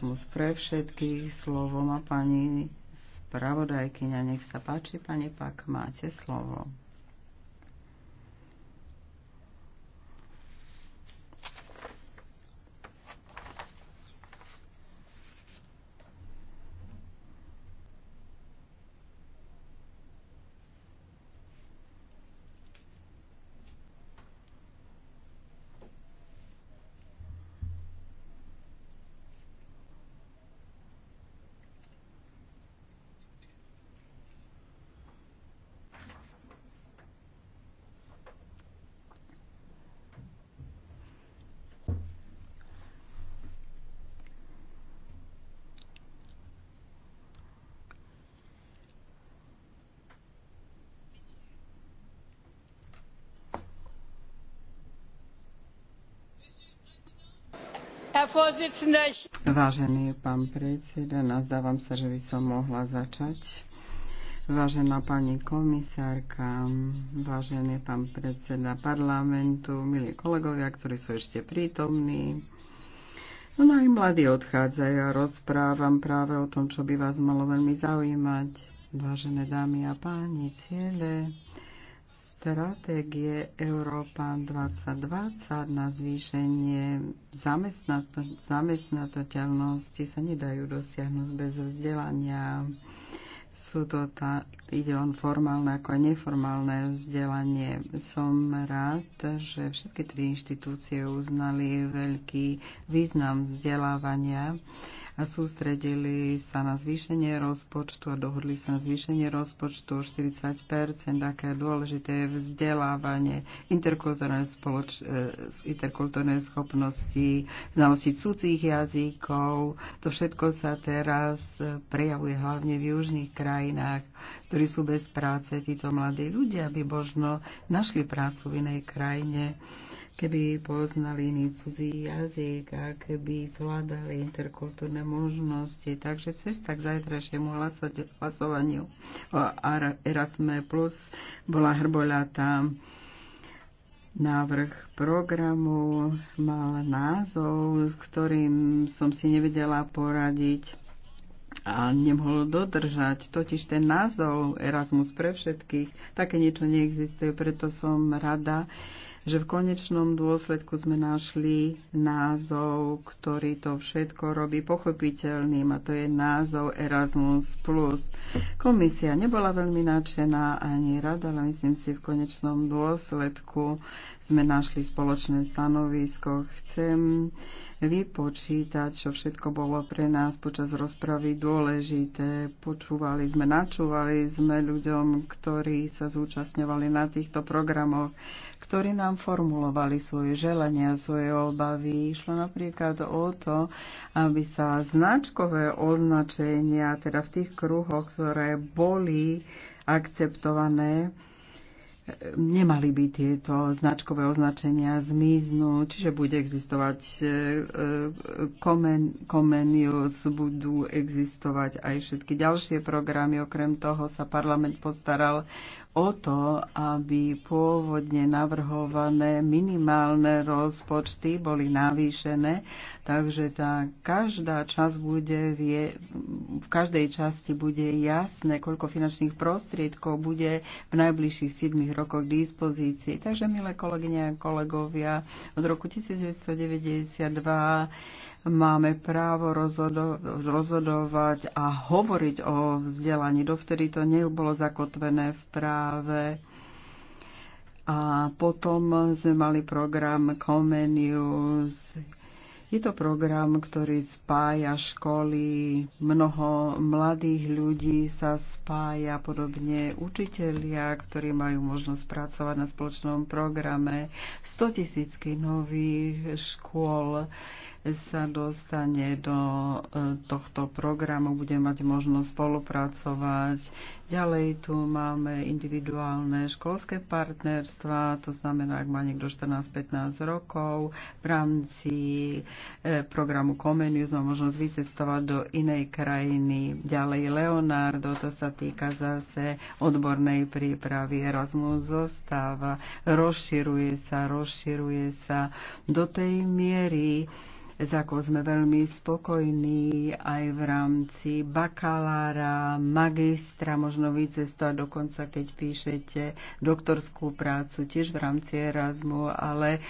Erasmus pre všetkých. Slovo má pani spravodajkyňa. Nech sa páči, pani Pak, máte slovo. Vážený pán predseda, nazdávam sa, že by som mohla začať. Vážená pani komisárka, vážený pán predseda parlamentu, milí kolegovia, ktorí sú ešte prítomní, No aj mladí odchádzajú a rozprávam práve o tom, čo by vás malo veľmi zaujímať. Vážené dámy a páni, ciele stratégie Európa 2020 na zvýšenie zamestnateľnosti sa nedajú dosiahnuť bez vzdelania. Sú to tá, ide on formálne ako aj neformálne vzdelanie. Som rád, že všetky tri inštitúcie uznali veľký význam vzdelávania a sústredili sa na zvýšenie rozpočtu a dohodli sa na zvýšenie rozpočtu o 40 aké je dôležité vzdelávanie, interkultúrne, spoloč, e, interkultúrne schopnosti, znalosti cudzích jazykov. To všetko sa teraz prejavuje hlavne v južných krajinách, ktorí sú bez práce. Títo mladí ľudia by možno našli prácu v inej krajine keby poznali iný cudzí jazyk a keby zvládali interkultúrne možnosti. Takže cesta k zajtrajšiemu hlasovaniu o Erasme Plus bola hrboľatá. Návrh programu mal názov, s ktorým som si nevedela poradiť a nemohol dodržať. Totiž ten názov Erasmus pre všetkých, také niečo neexistuje, preto som rada, že v konečnom dôsledku sme našli názov, ktorý to všetko robí pochopiteľným a to je názov Erasmus+. Komisia nebola veľmi nadšená ani rada, ale myslím si v konečnom dôsledku sme našli spoločné stanovisko. Chcem vypočítať, čo všetko bolo pre nás počas rozpravy dôležité. Počúvali sme, načúvali sme ľuďom, ktorí sa zúčastňovali na týchto programoch, ktorí nám formulovali svoje želania, svoje obavy. Išlo napríklad o to, aby sa značkové označenia, teda v tých kruhoch, ktoré boli akceptované, nemali by tieto značkové označenia zmiznúť, čiže bude existovať e, e, komenius, Comenius, budú existovať aj všetky ďalšie programy. Okrem toho sa parlament postaral o to, aby pôvodne navrhované minimálne rozpočty boli navýšené, takže tá každá časť bude, vie, v každej časti bude jasné, koľko finančných prostriedkov bude v najbližších 7 rokoch k dispozícii. Takže, milé kolegyne a kolegovia, od roku 1992 máme právo rozhodo- rozhodovať a hovoriť o vzdelaní. Dovtedy to nebolo zakotvené v práve. A potom sme mali program Comenius. Je to program, ktorý spája školy, mnoho mladých ľudí sa spája, podobne učitelia, ktorí majú možnosť pracovať na spoločnom programe, 100 tisícky nových škôl sa dostane do e, tohto programu, bude mať možnosť spolupracovať. Ďalej tu máme individuálne školské partnerstva, to znamená, ak má niekto 14-15 rokov, v rámci e, programu Comenius má možnosť vycestovať do inej krajiny. Ďalej Leonardo, to sa týka zase odbornej prípravy. Erasmus zostáva, rozširuje sa, rozširuje sa do tej miery, s ako sme veľmi spokojní aj v rámci bakalára, magistra, možno výcestu a dokonca keď píšete doktorskú prácu tiež v rámci Erasmu, ale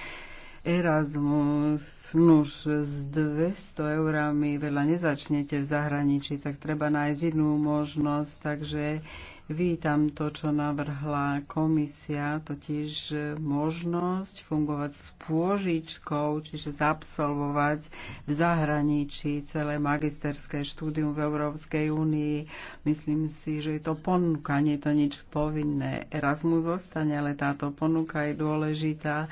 Erasmus, nuž s 200 eurami veľa nezačnete v zahraničí, tak treba nájsť inú možnosť, takže vítam to, čo navrhla komisia, totiž možnosť fungovať s pôžičkou, čiže zabsolvovať v zahraničí celé magisterské štúdium v Európskej únii. Myslím si, že je to ponuka, nie je to nič povinné. Erasmus zostane, ale táto ponuka je dôležitá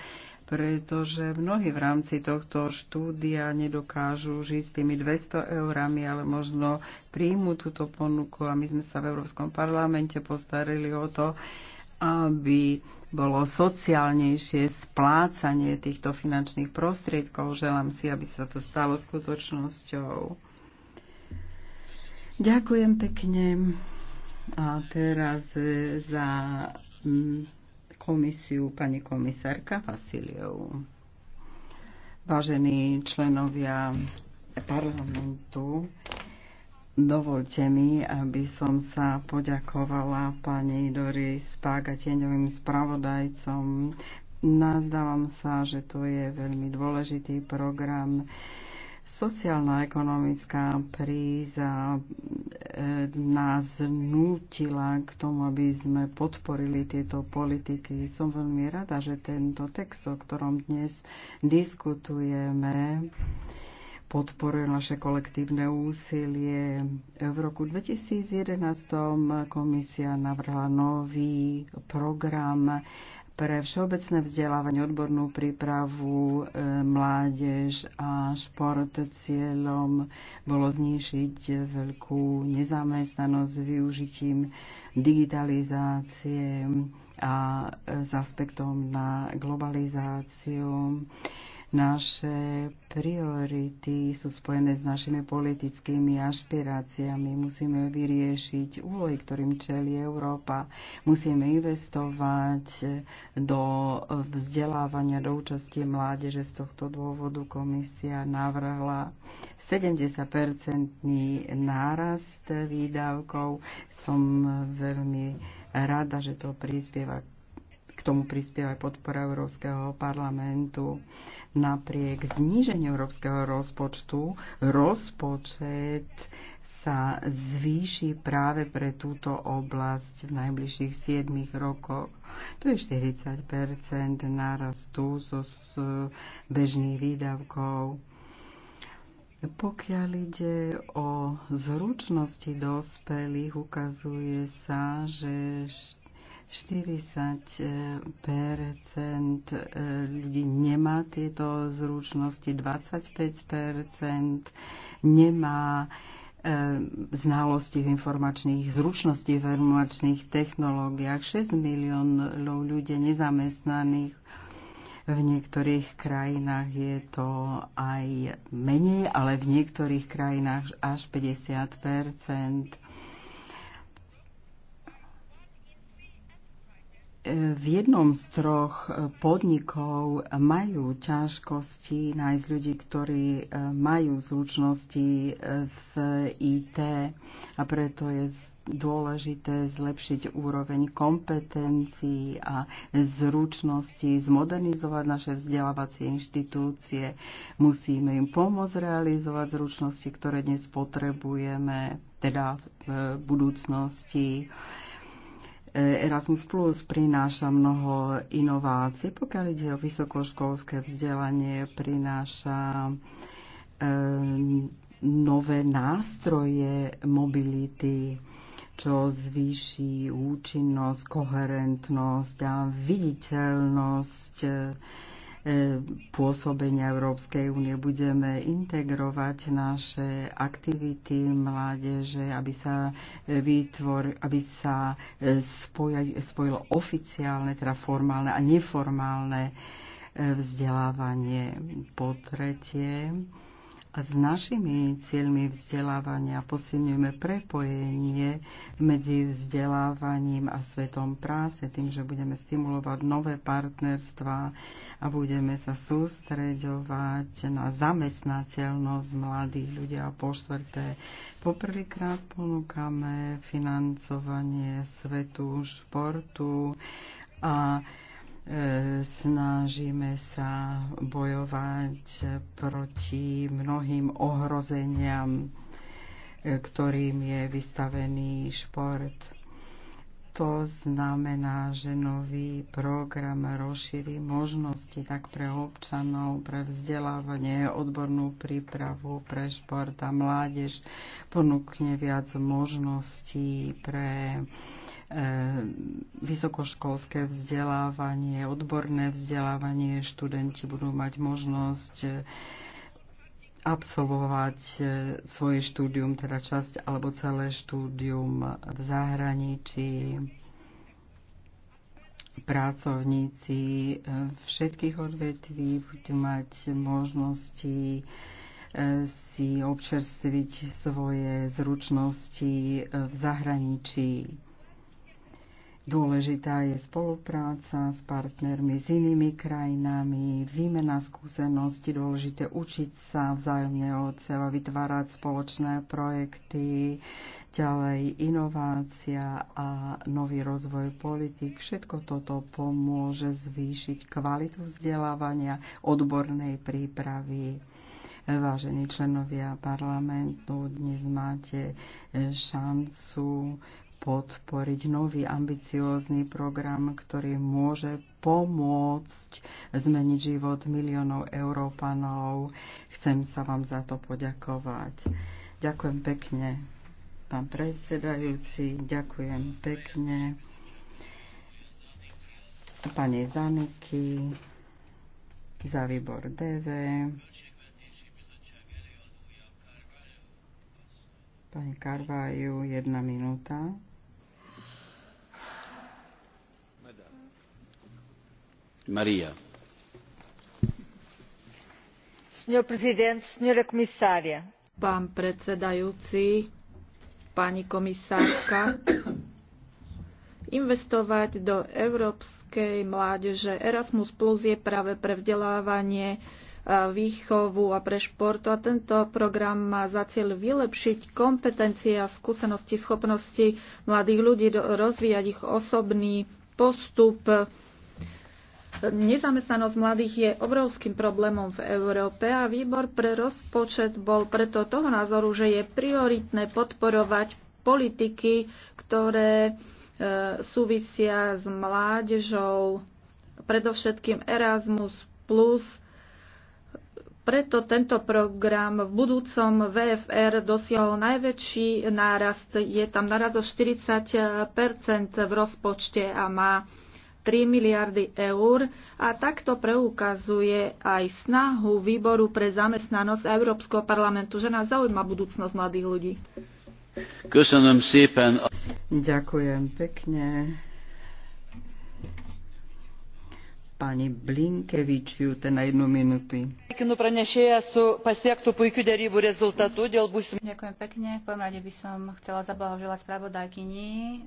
pretože mnohí v rámci tohto štúdia nedokážu žiť s tými 200 eurami, ale možno príjmu túto ponuku a my sme sa v Európskom parlamente postarili o to, aby bolo sociálnejšie splácanie týchto finančných prostriedkov. Želám si, aby sa to stalo skutočnosťou. Ďakujem pekne. A teraz eh, za mm, komisiu pani komisárka Vasiliev. Vážení členovia parlamentu, dovolte mi, aby som sa poďakovala pani Doris Pága tieňovým spravodajcom. Nazdávam sa, že to je veľmi dôležitý program Sociálna ekonomická e, nás nútila k tomu, aby sme podporili tieto politiky. Som veľmi rada, že tento text, o ktorom dnes diskutujeme, podporuje naše kolektívne úsilie. V roku 2011 komisia navrhla nový program pre všeobecné vzdelávanie, odbornú prípravu, e, mládež a šport. Cieľom bolo znišiť veľkú nezamestnanosť s využitím digitalizácie a e, s aspektom na globalizáciu. Naše priority sú spojené s našimi politickými ašpiráciami. Musíme vyriešiť úlohy, ktorým čelí Európa. Musíme investovať do vzdelávania, do účasti mládeže. Z tohto dôvodu komisia navrhla 70-percentný nárast výdavkov. Som veľmi rada, že to prispieva k k tomu prispieva aj podpora Európskeho parlamentu. Napriek zníženiu európskeho rozpočtu, rozpočet sa zvýši práve pre túto oblasť v najbližších 7 rokoch. To je 40 nárastu zo bežných výdavkov. Pokiaľ ide o zručnosti dospelých, ukazuje sa, že 40 e, ľudí nemá tieto zručnosti, 25 nemá e, znalosti v informačných, zručnosti v informačných technológiách. 6 miliónov ľudí nezamestnaných. V niektorých krajinách je to aj menej, ale v niektorých krajinách až 50 v jednom z troch e, podnikov majú ťažkosti nájsť ľudí, ktorí e, majú zručnosti e, v IT a preto je dôležité zlepšiť úroveň kompetencií a zručností, zmodernizovať naše vzdelávacie inštitúcie. Musíme im pomôcť realizovať zručnosti, ktoré dnes potrebujeme, teda v budúcnosti Erasmus Plus prináša mnoho inovácií, pokiaľ ide o vysokoškolské vzdelanie, prináša e, nové nástroje mobility, čo zvýši účinnosť, koherentnosť a viditeľnosť e, E, pôsobenia Európskej únie. Budeme integrovať naše aktivity mládeže, aby sa, e, vytvor, aby sa e, spojilo oficiálne, teda formálne a neformálne vzdelávanie. Po tretie, s našimi cieľmi vzdelávania posilňujeme prepojenie medzi vzdelávaním a svetom práce, tým, že budeme stimulovať nové partnerstva a budeme sa sústreďovať na zamestnateľnosť mladých ľudí a po štvrté. Poprvýkrát ponúkame financovanie svetu športu a snažíme sa bojovať proti mnohým ohrozeniam, ktorým je vystavený šport. To znamená, že nový program rozšíri možnosti tak pre občanov, pre vzdelávanie, odbornú prípravu, pre šport a mládež, ponúkne viac možností pre E, vysokoškolské vzdelávanie, odborné vzdelávanie. Študenti budú mať možnosť e, absolvovať e, svoje štúdium, teda časť alebo celé štúdium v zahraničí pracovníci všetkých odvetví budú mať možnosti si občerstviť svoje zručnosti v zahraničí. Dôležitá je spolupráca s partnermi z inými krajinami, výmena skúseností, dôležité učiť sa vzájomne od seba, vytvárať spoločné projekty, ďalej inovácia a nový rozvoj politik. Všetko toto pomôže zvýšiť kvalitu vzdelávania, odbornej prípravy vážení členovia parlamentu, dnes máte šancu podporiť nový ambiciózny program, ktorý môže pomôcť zmeniť život miliónov Európanov. Chcem sa vám za to poďakovať. Ďakujem pekne, pán predsedajúci, ďakujem pekne pani Zaniky za výbor DV. Pani Karvaju, jedna minúta. signor presidente, signora commissaria Pán predsedajúci, pani komisárka, investovať do európskej mládeže. Erasmus Plus je práve pre vzdelávanie výchovu a pre športu a tento program má za cieľ vylepšiť kompetencie a skúsenosti, schopnosti mladých ľudí, rozvíjať ich osobný postup, Nezamestnanosť mladých je obrovským problémom v Európe a výbor pre rozpočet bol preto toho názoru, že je prioritné podporovať politiky, ktoré e, súvisia s mládežou, predovšetkým Erasmus+, plus. preto tento program v budúcom VFR dosiahol najväčší nárast. Je tam naraz o 40 v rozpočte a má 3 miliardy eur a takto preukazuje aj snahu Výboru pre zamestnanosť Európskeho parlamentu, že nás zaujíma budúcnosť mladých ľudí. Ďakujem pekne. pani jūte na jednu minutį. Sveikinu pranešėją su pasiektų puikių dėrybų rezultatų dėl būsimų. Ďakujem pekne. V by som chcela zablahoželať spravodajkyni eh,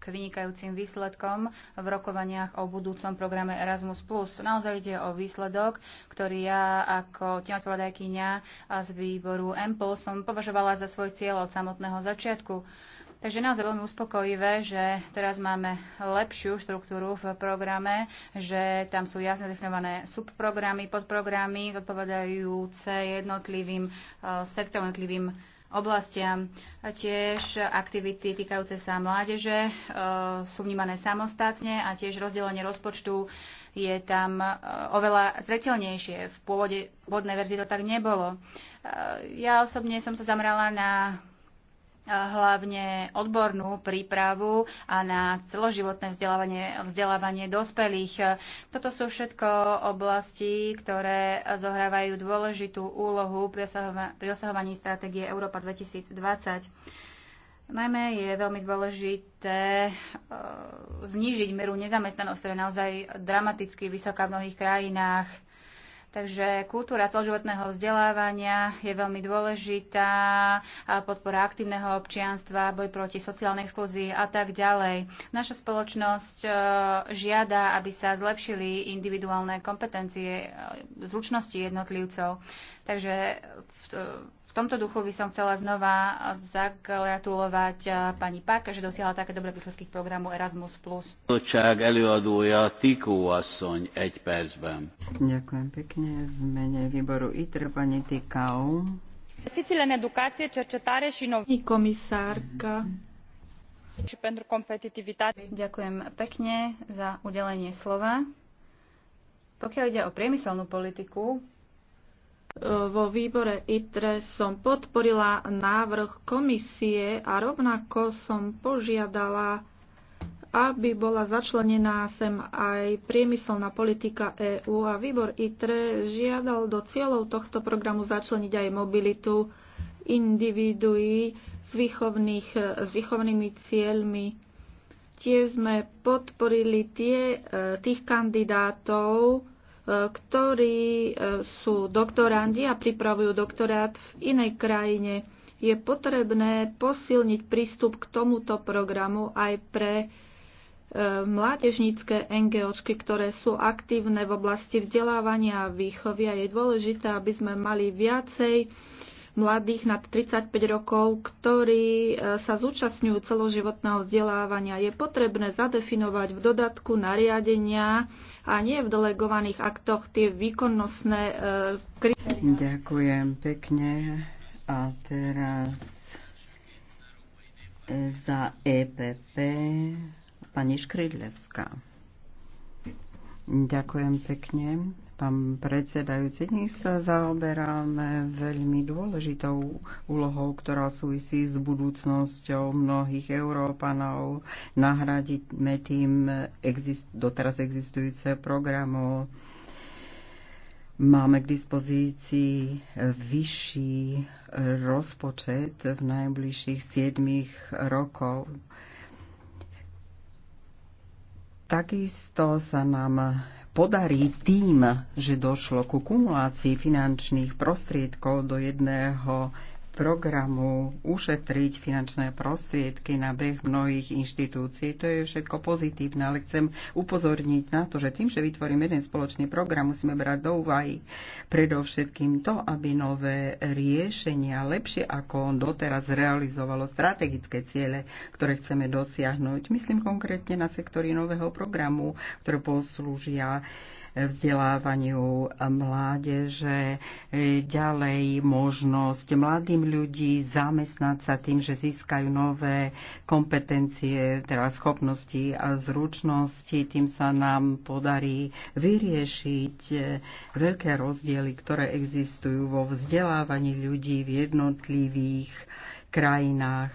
k vynikajúcim výsledkom v rokovaniach o budúcom programe Erasmus+. Naozaj ide o výsledok, ktorý ja ako tiež spravodajkyňa z výboru EMPL som považovala za svoj cieľ od samotného začiatku. Takže naozaj veľmi uspokojivé, že teraz máme lepšiu štruktúru v programe, že tam sú jasne definované subprogramy, podprogramy, zodpovedajúce jednotlivým e, sektorom, jednotlivým oblastiam. A tiež aktivity týkajúce sa mládeže e, sú vnímané samostatne a tiež rozdelenie rozpočtu je tam e, oveľa zretelnejšie. V pôvode vodnej verzii to tak nebolo. ja osobne som sa zamrala na hlavne odbornú prípravu a na celoživotné vzdelávanie, vzdelávanie dospelých. Toto sú všetko oblasti, ktoré zohrávajú dôležitú úlohu pri, osahovaní dosahovaní stratégie Európa 2020. Najmä je veľmi dôležité e, znížiť mieru nezamestnanosti, ktorá je naozaj dramaticky vysoká v mnohých krajinách Takže kultúra celoživotného vzdelávania je veľmi dôležitá, podpora aktívneho občianstva, boj proti sociálnej exklúzii a tak ďalej. Naša spoločnosť e, žiada, aby sa zlepšili individuálne kompetencie, e, zručnosti jednotlivcov. Takže e, v tomto duchu by som chcela znova zagratulovať eh, pani Pak, že dosiahla také dobré výsledky k programu Erasmus+. Ďakujem pekne. V mene výboru ITR pani Tikau. Investițiile în educație, cercetare și inovare. Komisárka. Și pentru competitivitate. Ďakujem pekne za udelenie slova. Pokiaľ ide o priemyselnú politiku, vo výbore ITRE som podporila návrh komisie a rovnako som požiadala, aby bola začlenená sem aj priemyselná politika EÚ a výbor ITRE žiadal do cieľov tohto programu začleniť aj mobilitu individuí s, výchovných, s výchovnými cieľmi. Tiež sme podporili tie, eh, tých kandidátov, ktorí e, sú doktorandi a pripravujú doktorát v inej krajine. Je potrebné posilniť prístup k tomuto programu aj pre e, mládežnícke NGOčky, ktoré sú aktívne v oblasti vzdelávania a výchovy a je dôležité, aby sme mali viacej mladých nad 35 rokov, ktorí e, sa zúčastňujú celoživotného vzdelávania. Je potrebné zadefinovať v dodatku nariadenia a nie v delegovaných aktoch tie výkonnostné e, kritéria. Ďakujem pekne. A teraz e, za EPP pani Škrydlevská. Ďakujem pekne. Pán predsedajúci, dnes sa zaoberáme veľmi dôležitou úlohou, ktorá súvisí s budúcnosťou mnohých Európanov. Nahradíme tým exist- doteraz existujúce programy. Máme k dispozícii vyšší rozpočet v najbližších 7 rokov. Takisto sa nám podarí tým, že došlo ku kumulácii finančných prostriedkov do jedného programu ušetriť finančné prostriedky na beh mnohých inštitúcií. To je všetko pozitívne, ale chcem upozorniť na to, že tým, že vytvoríme jeden spoločný program, musíme brať do úvahy predovšetkým to, aby nové riešenia lepšie ako on doteraz realizovalo strategické ciele, ktoré chceme dosiahnuť. Myslím konkrétne na sektory nového programu, ktoré poslúžia vzdelávaniu mládeže, ďalej možnosť mladým ľudí zamestnať sa tým, že získajú nové kompetencie, teda schopnosti a zručnosti. Tým sa nám podarí vyriešiť veľké rozdiely, ktoré existujú vo vzdelávaní ľudí v jednotlivých krajinách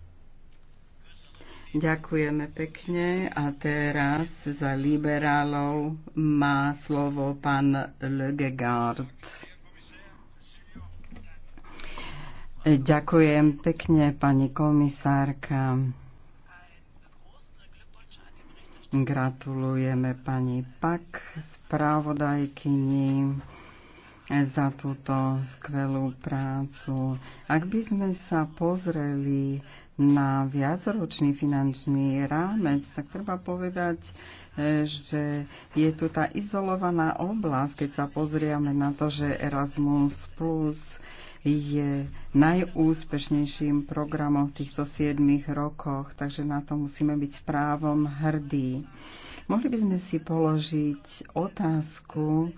Ďakujeme pekne a teraz za liberálov má slovo pán Legegard. Ďakujem pekne, pani komisárka. Gratulujeme pani Pak, správodajkyni za túto skvelú prácu. Ak by sme sa pozreli na viacročný finančný rámec, tak treba povedať, e, že je tu tá izolovaná oblasť, keď sa pozrieme na to, že Erasmus Plus je najúspešnejším programom v týchto 7 rokoch, takže na to musíme byť právom hrdí. Mohli by sme si položiť otázku,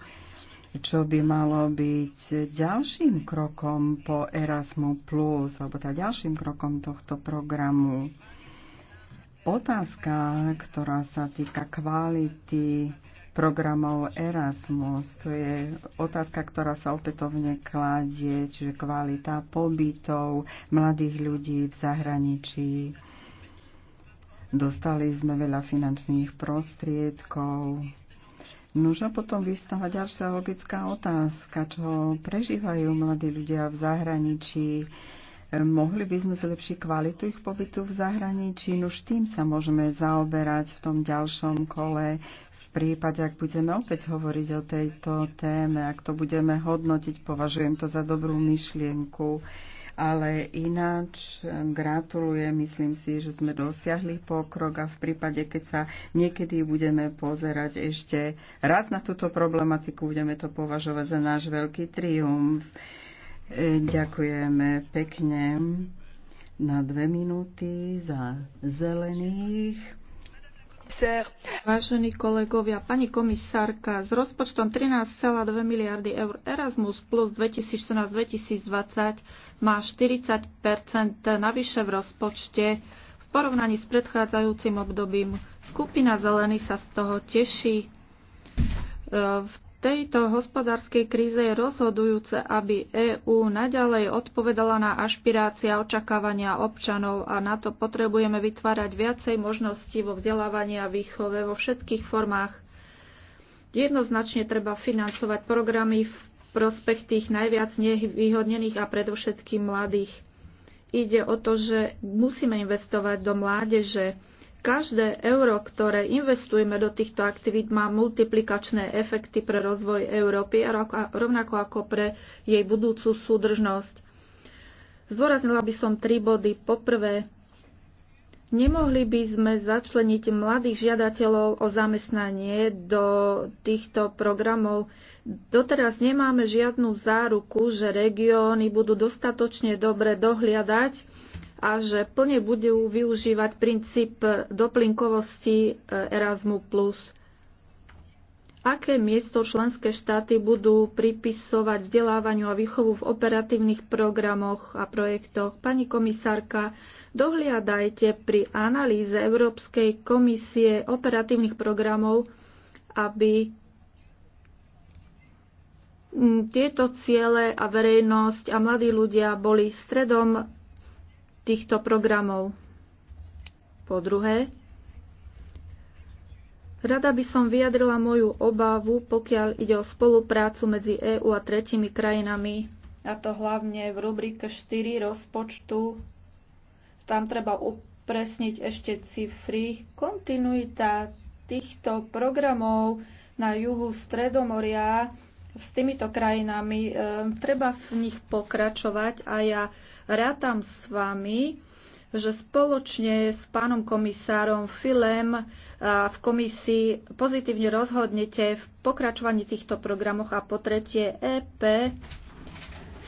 čo by malo byť ďalším krokom po Erasmu+, alebo tá ďalším krokom tohto programu. Otázka, ktorá sa týka kvality programov Erasmus, to je otázka, ktorá sa opätovne kladie, čiže kvalita pobytov mladých ľudí v zahraničí. Dostali sme veľa finančných prostriedkov, Nožno potom vystáva ďalšia logická otázka, čo prežívajú mladí ľudia v zahraničí. E, mohli by sme zlepšiť kvalitu ich pobytu v zahraničí, už tým sa môžeme zaoberať v tom ďalšom kole v prípade, ak budeme opäť hovoriť o tejto téme, ak to budeme hodnotiť, považujem to za dobrú myšlienku ale ináč eh, gratulujem, myslím si, že sme dosiahli pokrok a v prípade, keď sa niekedy budeme pozerať ešte raz na túto problematiku, budeme to považovať za náš veľký triumf. Eh, ďakujeme pekne na dve minúty za zelených. Vážení kolegovia, pani komisárka, s rozpočtom 13,2 miliardy eur Erasmus plus 2014-2020 má 40 navyše v rozpočte v porovnaní s predchádzajúcim obdobím. Skupina zelených sa z toho teší. E, v tejto hospodárskej kríze je rozhodujúce, aby EÚ naďalej odpovedala na ašpirácia očakávania občanov a na to potrebujeme vytvárať viacej možností vo vzdelávaní a výchove vo všetkých formách. Jednoznačne treba financovať programy v prospech tých najviac nevýhodnených a predovšetkým mladých. Ide o to, že musíme investovať do mládeže, Každé euro, ktoré investujeme do týchto aktivít, má multiplikačné efekty pre rozvoj Európy a rovnako ako pre jej budúcu súdržnosť. Zdôraznila by som tri body. Poprvé, nemohli by sme začleniť mladých žiadateľov o zamestnanie do týchto programov. Doteraz nemáme žiadnu záruku, že regióny budú dostatočne dobre dohliadať a že plne budú využívať princíp doplinkovosti Erasmu+. Aké miesto členské štáty budú pripisovať vzdelávaniu a výchovu v operatívnych programoch a projektoch? Pani komisárka, dohliadajte pri analýze Európskej komisie operatívnych programov, aby tieto ciele a verejnosť a mladí ľudia boli stredom týchto programov. Po druhé, rada by som vyjadrila moju obavu, pokiaľ ide o spoluprácu medzi EÚ a tretimi krajinami, a to hlavne v rubrike 4 rozpočtu. Tam treba upresniť ešte cifry. Kontinuita týchto programov na juhu Stredomoria s týmito krajinami, e, treba v nich pokračovať a ja Rátam s vami, že spoločne s pánom komisárom Filem v komisii pozitívne rozhodnete v pokračovaní týchto programoch a po tretie EP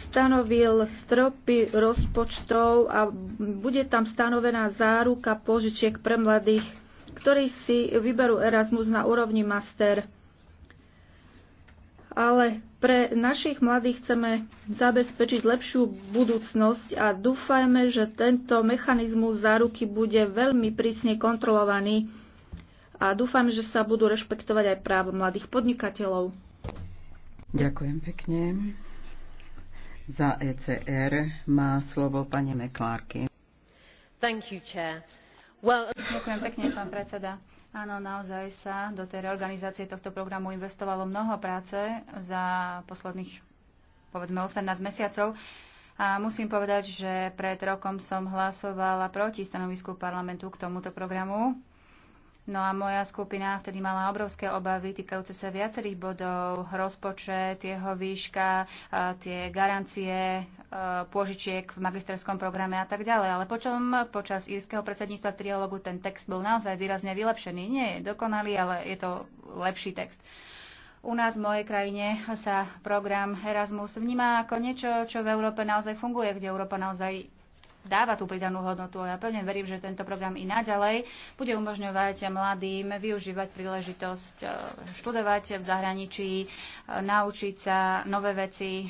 stanovil stropy rozpočtov a bude tam stanovená záruka požičiek pre mladých, ktorí si vyberú Erasmus na úrovni master ale pre našich mladých chceme zabezpečiť lepšiu budúcnosť a dúfajme, že tento mechanizmus záruky bude veľmi prísne kontrolovaný a dúfam, že sa budú rešpektovať aj práva mladých podnikateľov. Ďakujem pekne. Za ECR má slovo pani Meklárky. Thank you, Chair. Ďakujem pekne, pán predseda. Áno, naozaj sa do tej reorganizácie tohto programu investovalo mnoho práce za posledných, povedzme, 18 mesiacov. A musím povedať, že pred rokom som hlasovala proti stanovisku parlamentu k tomuto programu. No a moja skupina vtedy mala obrovské obavy týkajúce sa viacerých bodov, rozpočet, jeho výška, tie garancie, pôžičiek v magisterskom programe a tak ďalej. Ale počom počas írskeho predsedníctva trialogu ten text bol naozaj výrazne vylepšený. Nie je dokonalý, ale je to lepší text. U nás v mojej krajine sa program Erasmus vníma ako niečo, čo v Európe naozaj funguje, kde Európa naozaj dáva tú pridanú hodnotu a ja pevne verím, že tento program i naďalej bude umožňovať mladým využívať príležitosť e, študovať v zahraničí, e, naučiť sa nové veci, e,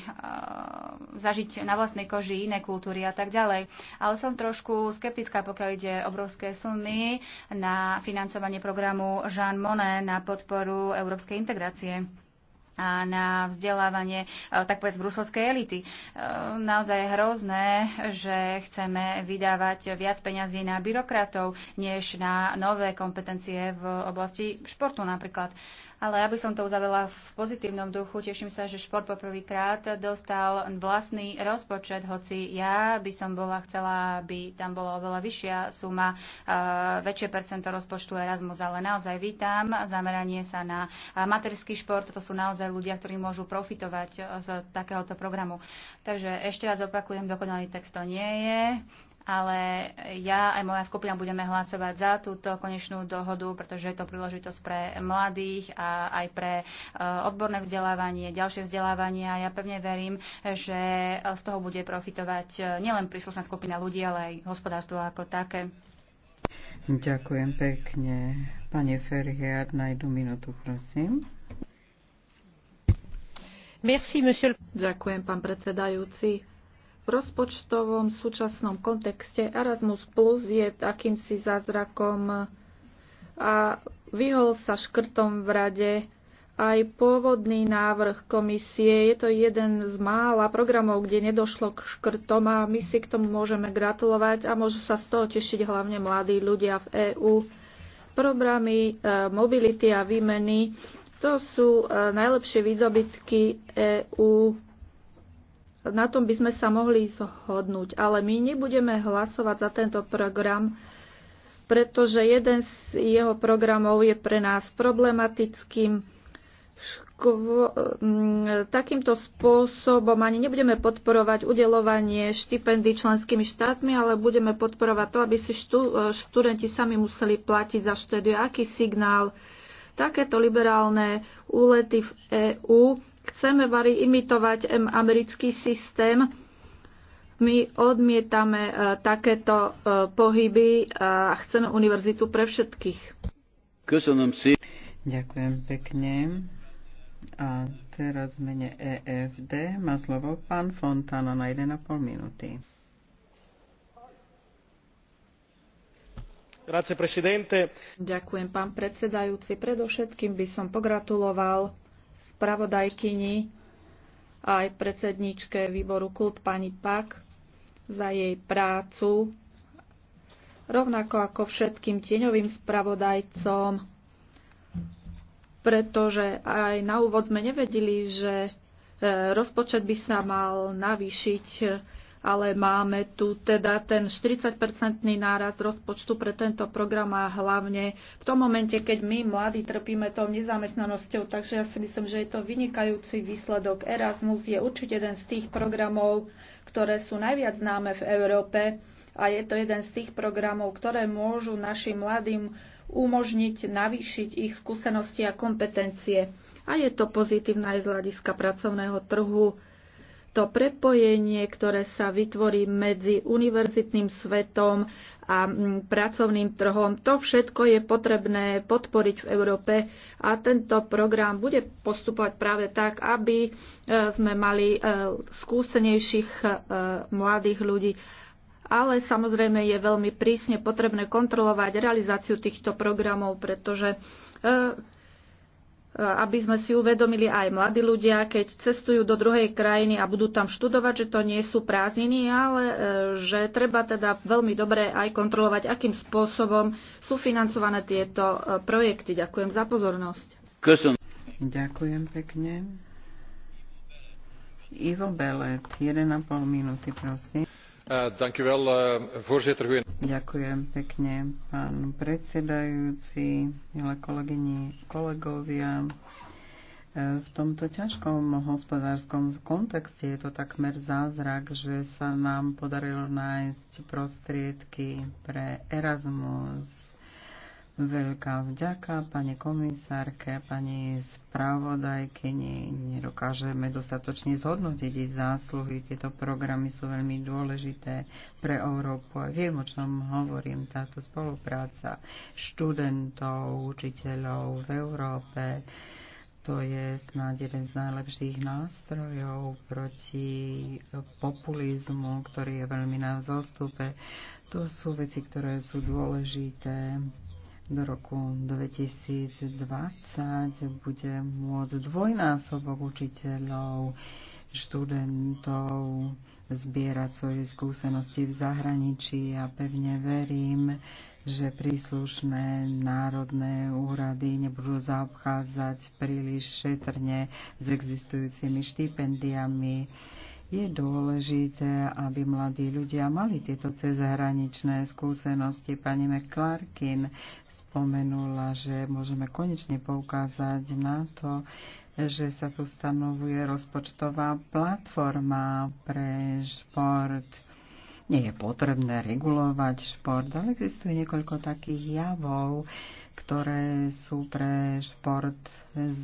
zažiť na vlastnej koži iné kultúry a tak ďalej. Ale som trošku skeptická, pokiaľ ide obrovské sumy na financovanie programu Jean Monnet na podporu európskej integrácie a na vzdelávanie, e, tak povedz, bruselskej elity. E, naozaj je hrozné, že chceme vydávať viac peňazí na byrokratov, než na nové kompetencie v oblasti športu napríklad. Ale aby som to uzavela v pozitívnom duchu, teším sa, že šport poprvýkrát dostal vlastný rozpočet, hoci ja by som bola chcela, aby tam bola oveľa vyššia suma, e, väčšie percento rozpočtu Erasmus, ale naozaj vítam zameranie sa na materský šport. To sú naozaj ľudia, ktorí môžu profitovať e, z takéhoto programu. Takže ešte raz opakujem, dokonalý text to nie je ale ja aj moja skupina budeme hlasovať za túto konečnú dohodu, pretože je to príležitosť pre mladých a aj pre e, odborné vzdelávanie, ďalšie vzdelávanie a ja pevne verím, že z toho bude profitovať e, nielen príslušná skupina ľudí, ale aj hospodárstvo ako také. Ďakujem pekne. Pane Ferhiad, na jednu minútu, prosím. Merci, monsieur... Ďakujem, pán predsedajúci rozpočtovom súčasnom kontexte Erasmus Plus je akýmsi zázrakom a vyhol sa škrtom v rade. Aj pôvodný návrh komisie je to jeden z mála programov, kde nedošlo k škrtom a my si k tomu môžeme gratulovať a môžu sa z toho tešiť hlavne mladí ľudia v EÚ. Programy e, mobility a výmeny to sú e, najlepšie výdobytky EÚ na tom by sme sa mohli zhodnúť, ale my nebudeme hlasovať za tento program, pretože jeden z jeho programov je pre nás problematickým. Škvo, mm, takýmto spôsobom ani nebudeme podporovať udelovanie štipendy členskými štátmi, ale budeme podporovať to, aby si štú, študenti sami museli platiť za štúdiu. Aký signál? Takéto liberálne úlety v EÚ chceme imitovať americký systém, my odmietame e, takéto e, pohyby e, a chceme univerzitu pre všetkých. Ďakujem pekne. A teraz mene EFD má slovo pán Fontana na 1,5 minúty. Ďakujem, pán predsedajúci. Predovšetkým by som pogratuloval spravodajkyni aj predsedničke výboru Kult pani Pak za jej prácu, rovnako ako všetkým tieňovým spravodajcom, pretože aj na úvod sme nevedeli, že e, rozpočet by sa mal navýšiť ale máme tu teda ten 40-percentný náraz rozpočtu pre tento program a hlavne v tom momente, keď my mladí trpíme tou nezamestnanosťou, takže ja si myslím, že je to vynikajúci výsledok. Erasmus je určite jeden z tých programov, ktoré sú najviac známe v Európe a je to jeden z tých programov, ktoré môžu našim mladým umožniť navýšiť ich skúsenosti a kompetencie. A je to pozitívne aj z hľadiska pracovného trhu to prepojenie, ktoré sa vytvorí medzi univerzitným svetom a mm, pracovným trhom. To všetko je potrebné podporiť v Európe a tento program bude postupovať práve tak, aby e, sme mali e, skúsenejších e, mladých ľudí. Ale samozrejme je veľmi prísne potrebné kontrolovať realizáciu týchto programov, pretože E, aby sme si uvedomili aj mladí ľudia, keď cestujú do druhej krajiny a budú tam študovať, že to nie sú prázdniny, ale e, že treba teda veľmi dobre aj kontrolovať, akým spôsobom sú financované tieto e, projekty. Ďakujem za pozornosť. Ďakujem pekne. Ivo Belet, 1,5 minúty, prosím. Ďakujem pekne, pán predsedajúci, milé kolegyni, kolegovia. V tomto ťažkom hospodárskom kontexte je to takmer zázrak, že sa nám podarilo nájsť prostriedky pre Erasmus Veľká vďaka pani komisárke, pani spravodajkyni. Nedokážeme dostatočne zhodnotiť ich zásluhy. Tieto programy sú veľmi dôležité pre Európu. A viem, o čom hovorím. Táto spolupráca študentov, učiteľov v Európe, to je snáď jeden z najlepších nástrojov proti populizmu, ktorý je veľmi na vzostupe. To sú veci, ktoré sú dôležité do roku 2020 bude môcť dvojnásobok učiteľov, študentov zbierať svoje skúsenosti v zahraničí a pevne verím, že príslušné národné úrady nebudú zaobchádzať príliš šetrne s existujúcimi štipendiami je dôležité, aby mladí ľudia mali tieto cezhraničné skúsenosti. Pani McClarkin spomenula, že môžeme konečne poukázať na to, že sa tu stanovuje rozpočtová platforma pre šport. Nie je potrebné regulovať šport, ale existuje niekoľko takých javov, ktoré sú pre šport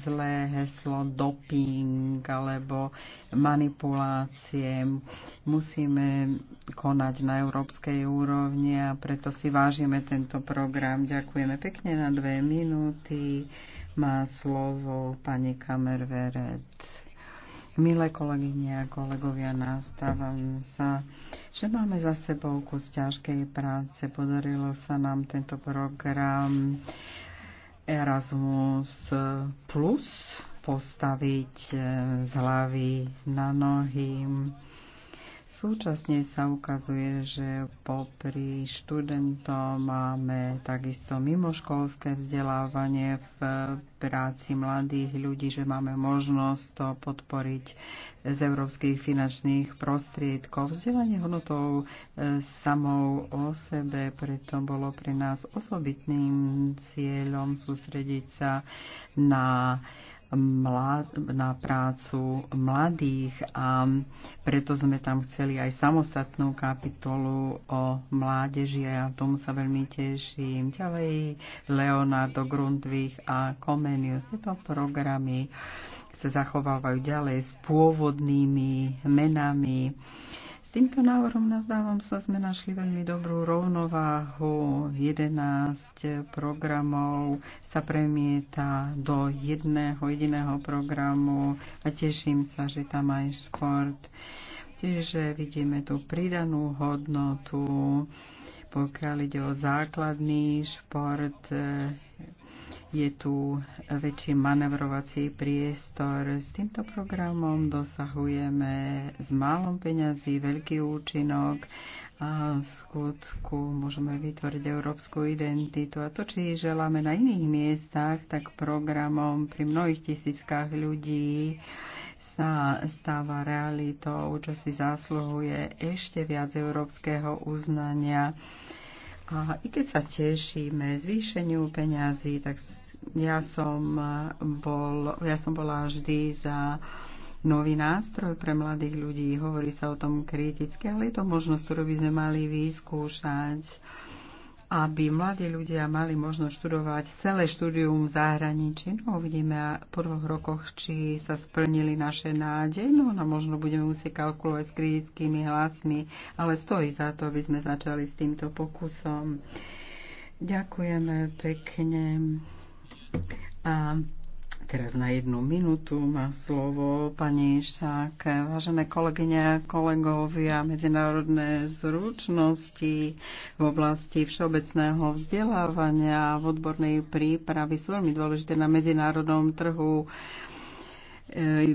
zlé heslo doping alebo manipulácie. Musíme konať na európskej úrovni a preto si vážime tento program. Ďakujeme pekne na dve minúty. Má slovo pani Kamerveret. Milé kolegyne a kolegovia, nastávam sa, že máme za sebou kus ťažkej práce. Podarilo sa nám tento program Erasmus Plus postaviť z hlavy na nohy. Súčasne sa ukazuje, že popri študentov máme takisto mimoškolské vzdelávanie v práci mladých ľudí, že máme možnosť to podporiť z európskych finančných prostriedkov. Vzdelanie hodnotou e, samou o sebe, preto bolo pre nás osobitným cieľom sústrediť sa na na prácu mladých a preto sme tam chceli aj samostatnú kapitolu o mládeži a ja tomu sa veľmi teším. Ďalej Leonardo Grundvich a Comenius. Tieto programy sa zachovávajú ďalej s pôvodnými menami týmto návrhom nazdávam sa sme našli veľmi dobrú rovnováhu. 11 programov sa premieta do jedného jediného programu a teším sa, že tam aj šport. Čiže vidíme tú pridanú hodnotu, pokiaľ ide o základný šport, je tu väčší manevrovací priestor. S týmto programom dosahujeme s málom peňazí veľký účinok a v skutku môžeme vytvoriť európsku identitu. A to, či želáme na iných miestach, tak programom pri mnohých tisíckach ľudí sa stáva realitou, čo si zasluhuje ešte viac európskeho uznania. A i keď sa tešíme zvýšeniu peňazí, tak ja som, eh, bol, ja som bola vždy za nový nástroj pre mladých ľudí. Hovorí sa o tom kriticky, ale je to možnosť, ktorú by sme mali vyskúšať aby mladí ľudia mali možnosť študovať celé štúdium v zahraničí. No, uvidíme po dvoch rokoch, či sa splnili naše nádej. No, no možno budeme musieť kalkulovať s kritickými hlasmi, ale stojí za to, aby sme začali s týmto pokusom. Ďakujeme pekne. A teraz na jednu minútu má slovo pani Šák. Vážené kolegyne a kolegovia, medzinárodné zručnosti v oblasti všeobecného vzdelávania v odbornej prípravy sú veľmi dôležité na medzinárodnom trhu. E,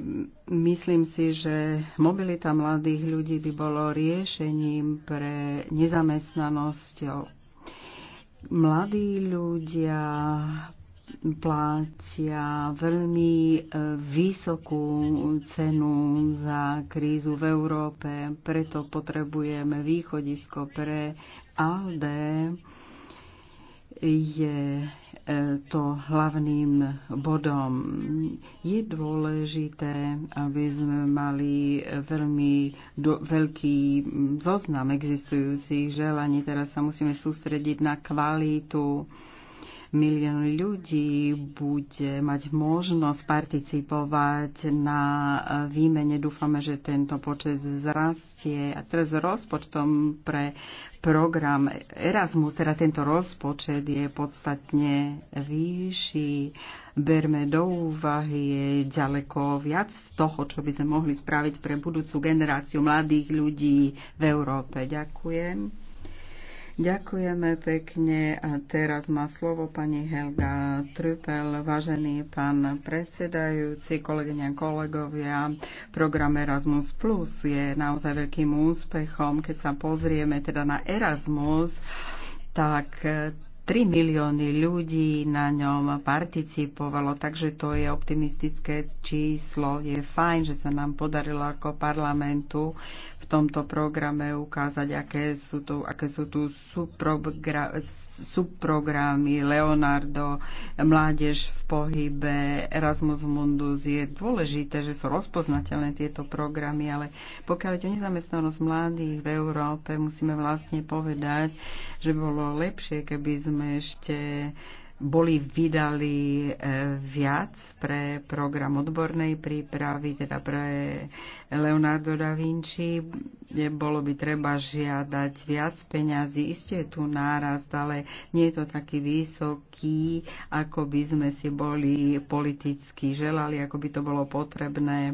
myslím si, že mobilita mladých ľudí by bolo riešením pre nezamestnanosť. Mladí ľudia plácia veľmi e, vysokú cenu za krízu v Európe, preto potrebujeme východisko pre ALDE. Je e, to hlavným bodom. Je dôležité, aby sme mali veľmi do, veľký zoznam existujúcich želaní. Teraz sa musíme sústrediť na kvalitu milión ľudí bude mať možnosť participovať na výmene. Dúfame, že tento počet zrastie. A teraz rozpočtom pre program Erasmus, teda tento rozpočet je podstatne vyšší. Berme do úvahy je ďaleko viac z toho, čo by sme mohli spraviť pre budúcu generáciu mladých ľudí v Európe. Ďakujem. Ďakujeme pekne a teraz má slovo pani Helga Trupel, vážený pán predsedajúci, kolegyňa, kolegovia. Program Erasmus Plus je naozaj veľkým úspechom. Keď sa pozrieme teda na Erasmus, tak 3 milióny ľudí na ňom participovalo, takže to je optimistické číslo. Je fajn, že sa nám podarilo ako parlamentu v tomto programe ukázať, aké sú tu, aké sú tu subprogramy Leonardo, Mládež v pohybe, Erasmus Mundus. Je dôležité, že sú rozpoznateľné tieto programy, ale pokiaľ je o nezamestnanosť mladých v Európe, musíme vlastne povedať, že bolo lepšie, keby sme sme ešte boli vydali e, viac pre program odbornej prípravy, teda pre Leonardo da Vinci. Bolo by treba žiadať viac peňazí. Isté je tu nárast, ale nie je to taký vysoký, ako by sme si boli politicky želali, ako by to bolo potrebné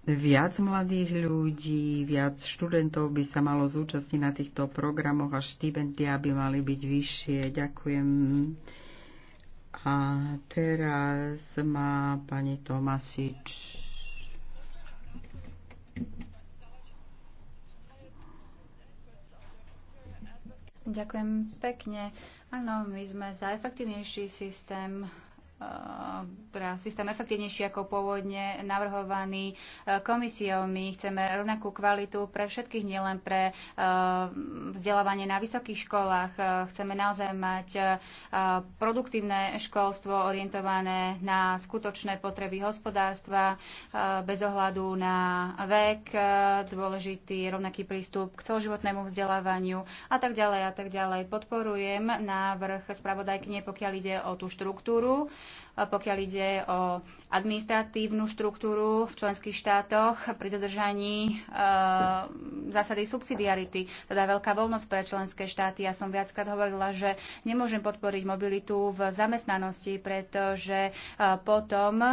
Viac mladých ľudí, viac študentov by sa malo zúčastniť na týchto programoch a štipendia by mali byť vyššie. Ďakujem. A teraz má pani Tomasič. Ďakujem pekne. Áno, my sme za efektívnejší systém E, teda systém efektívnejší ako pôvodne navrhovaný e, komisiou. My chceme rovnakú kvalitu pre všetkých, nielen pre e, vzdelávanie na vysokých školách. Chceme naozaj mať produktívne školstvo orientované na skutočné potreby hospodárstva bez ohľadu na vek, dôležitý rovnaký prístup k celoživotnému vzdelávaniu a tak ďalej a tak ďalej. Podporujem návrh spravodajkne, pokiaľ ide o tú štruktúru pokiaľ ide o administratívnu štruktúru v členských štátoch pri dodržaní e, zásady subsidiarity, teda veľká voľnosť pre členské štáty. Ja som viackrát hovorila, že nemôžem podporiť mobilitu v zamestnanosti, pretože e, potom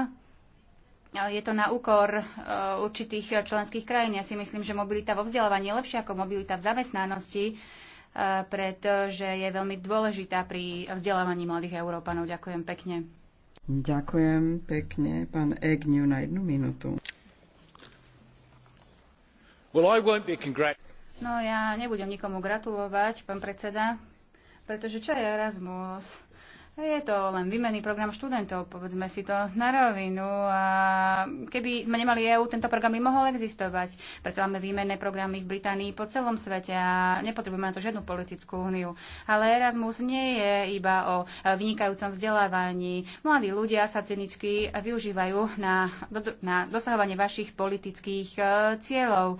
eh, je to na úkor určitých členských krajín. Ja si myslím, že mobilita vo vzdelávaní je lepšia ako mobilita v zamestnanosti, pretože je veľmi dôležitá pri vzdelávaní mladých Európanov. Ďakujem pekne. Ďakujem pekne. Pán Egniu na jednu minútu. Well, I won't be no ja nebudem nikomu gratulovať, pán predseda, pretože čo je Erasmus? Je to len výmenný program študentov, povedzme si to na rovinu. A keby sme nemali EU, tento program by mohol existovať. Preto máme výmenné programy v Británii po celom svete a nepotrebujeme na to žiadnu politickú úniu. Ale Erasmus nie je iba o vynikajúcom vzdelávaní. Mladí ľudia sa cynicky využívajú na, na dosahovanie vašich politických e, cieľov. E,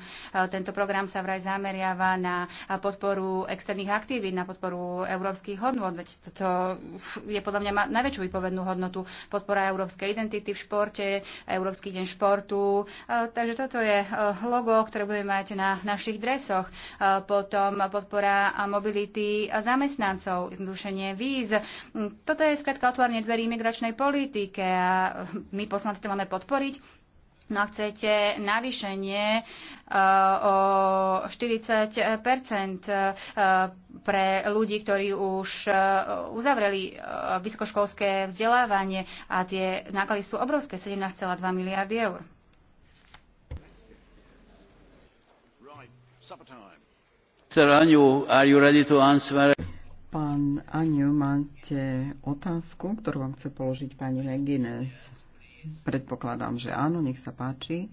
tento program sa vraj zameriava na podporu externých aktivít, na podporu európskych hodnôt. Veď toto je podľa mňa má najväčšiu výpovednú hodnotu. Podpora európskej identity v športe, Európsky deň športu. E, takže toto je e, logo, ktoré budeme mať na našich dresoch. E, potom podpora mobility zamestnancov, zrušenie víz. Mm, toto je skratka otvorenie dverí imigračnej politike a my poslanci to máme podporiť. No a chcete navýšenie e, o 40 e, pre ľudí, ktorí už e, uzavreli vysokoškolské vzdelávanie a tie náklady sú obrovské, 17,2 miliardy eur. Pán Aniu, máte otázku, ktorú vám chce položiť pani Legines. Predpokladám, že áno, nech sa páči.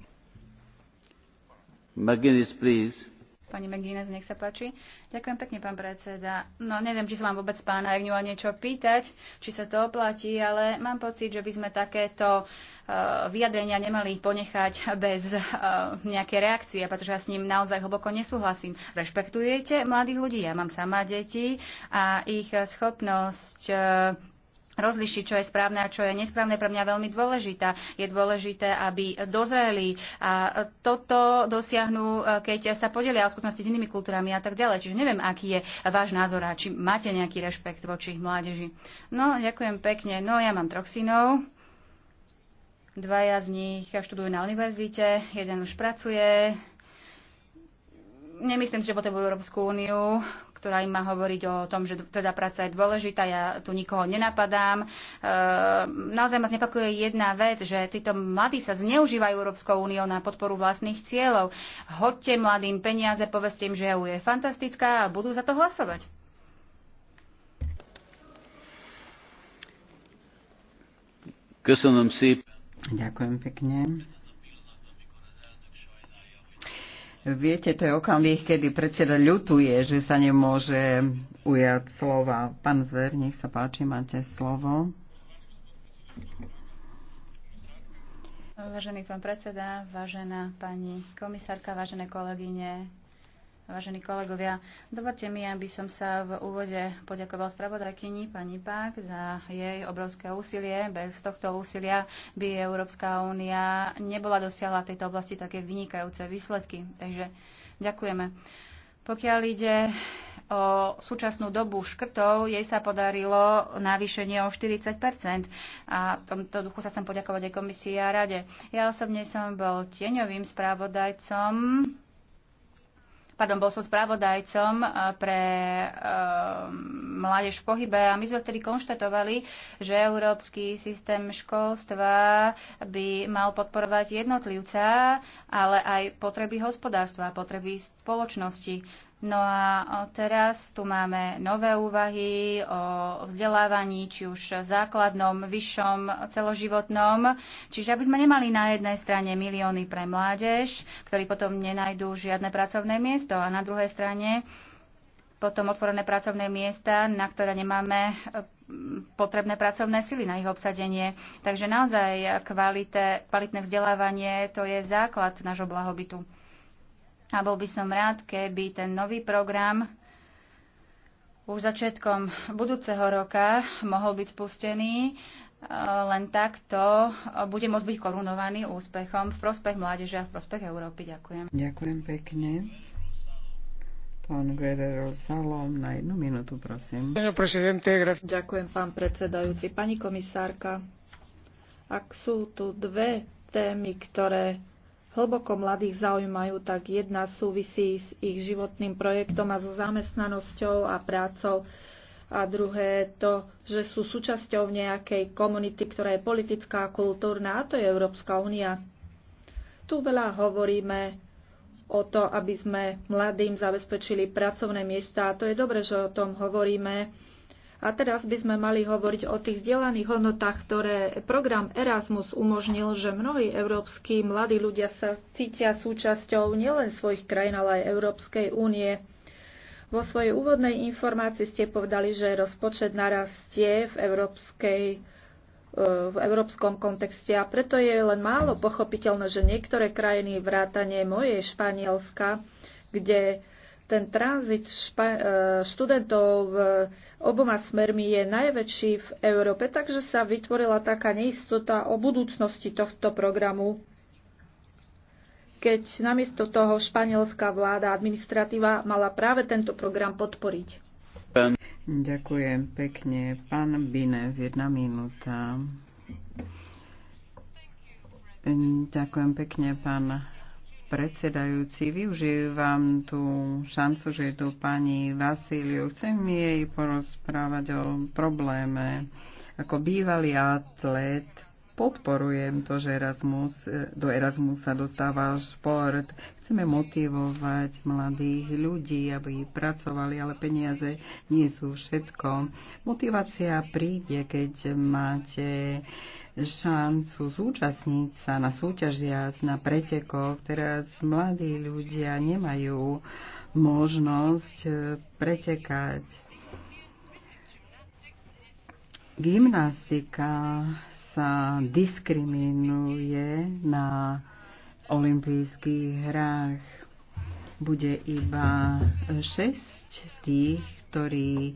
McGuinness, please. Pani McGuinness, nech sa páči. Ďakujem pekne, pán predseda. No, neviem, či sa vám vôbec pána Agniu niečo pýtať, či sa to oplatí, ale mám pocit, že by sme takéto uh, vyjadrenia nemali ponechať bez uh, reakcie, pretože ja s ním naozaj hlboko nesúhlasím. Rešpektujete mladých ľudí, ja mám sama deti a ich schopnosť uh, rozlišiť, čo je správne a čo je nesprávne, pre mňa veľmi dôležitá. Je dôležité, aby dozreli a toto dosiahnu, e, keď sa podelia o skutnosti s inými kultúrami a tak ďalej. Čiže neviem, aký je váš názor a či máte nejaký rešpekt voči mládeži. No, ďakujem pekne. No, ja mám troch synov. Dvaja z nich študujú na univerzite, jeden už pracuje. Nemyslím, že potrebujú Európsku úniu ktorá im má hovoriť o tom, že teda práca je dôležitá, ja tu nikoho nenapadám. E, naozaj ma znepakuje jedna vec, že títo mladí sa zneužívajú Európskou úniou na podporu vlastných cieľov. Hoďte mladým peniaze, povedzte im, že EU je fantastická a budú za to hlasovať. Ďakujem pekne. Viete, to je okamih, kedy predseda ľutuje, že sa nemôže ujať slova. Pán Zver, nech sa páči, máte slovo. Vážený pán predseda, vážená pani komisárka, vážené kolegyne, vážení kolegovia. Dovolte mi, aby som sa v úvode poďakoval spravodajkyni pani Pák za jej obrovské úsilie. Bez tohto úsilia by Európska únia nebola dosiahla v tejto oblasti také vynikajúce výsledky. Takže ďakujeme. Pokiaľ ide o súčasnú dobu škrtov, jej sa podarilo navýšenie o 40 A v tomto duchu sa chcem poďakovať aj komisii a rade. Ja osobne som bol tieňovým správodajcom pardon, bol som spravodajcom eh, pre e, mládež v pohybe a my sme vtedy konštatovali, že európsky systém školstva by mal podporovať jednotlivca, ale aj potreby hospodárstva, potreby spoločnosti. No a teraz tu máme nové úvahy o vzdelávaní, či už základnom, vyššom, celoživotnom. Čiže aby sme nemali na jednej strane milióny pre mládež, ktorí potom nenajdú žiadne pracovné miesto a na druhej strane potom otvorené pracovné miesta, na ktoré nemáme mm, potrebné pracovné sily na ich obsadenie. Takže naozaj kvalité, kvalitné vzdelávanie to je základ nášho blahobytu. A bol by som rád, keby ten nový program už začiatkom budúceho roka mohol byť spustený. E, len takto bude môcť byť korunovaný úspechom v prospech mládeže a v prospech Európy. Ďakujem. Ďakujem pekne. Pán Guerrero Salom, na jednu minútu, prosím. Ďakujem, pán predsedajúci. Pani komisárka, ak sú tu dve témy, ktoré hlboko mladých zaujímajú, tak jedna súvisí s ich životným projektom a so zamestnanosťou a prácou a druhé to, že sú súčasťou nejakej komunity, ktorá je politická a kultúrna, a to je Európska únia. Tu veľa hovoríme o to, aby sme mladým zabezpečili pracovné miesta. A to je dobre, že o tom hovoríme a teraz by sme mali hovoriť o tých vzdelaných hodnotách, ktoré program Erasmus umožnil, že mnohí európsky mladí ľudia sa cítia súčasťou nielen svojich krajín, ale aj Európskej únie. Vo svojej úvodnej informácii ste povedali, že rozpočet narastie v európskej e, v európskom kontexte a preto je len málo pochopiteľné, že niektoré krajiny vrátane mojej Španielska, kde ten tranzit e, študentov oboma smermi je najväčší v Európe, takže sa vytvorila taká neistota o budúcnosti tohto programu. Keď namiesto toho španielská vláda administratíva mala práve tento program podporiť. Ďakujem pekne. Pán Binev, jedna minúta. Ďakujem pekne, pán predsedajúci. Využívam tú šancu, že je tu pani Vasíliu. Chcem jej porozprávať o probléme. Ako bývalý atlet podporujem to, že Erasmus, e, do Erasmus sa dostáva šport. Chceme motivovať mladých ľudí, aby pracovali, ale peniaze nie sú všetko. Motivácia príde, keď máte šancu zúčastniť sa na súťažiac, na pretekoch. Teraz mladí ľudia nemajú možnosť e, pretekať. Gymnastika sa diskriminuje na olympijských hrách. Bude iba 6 tých, ktorí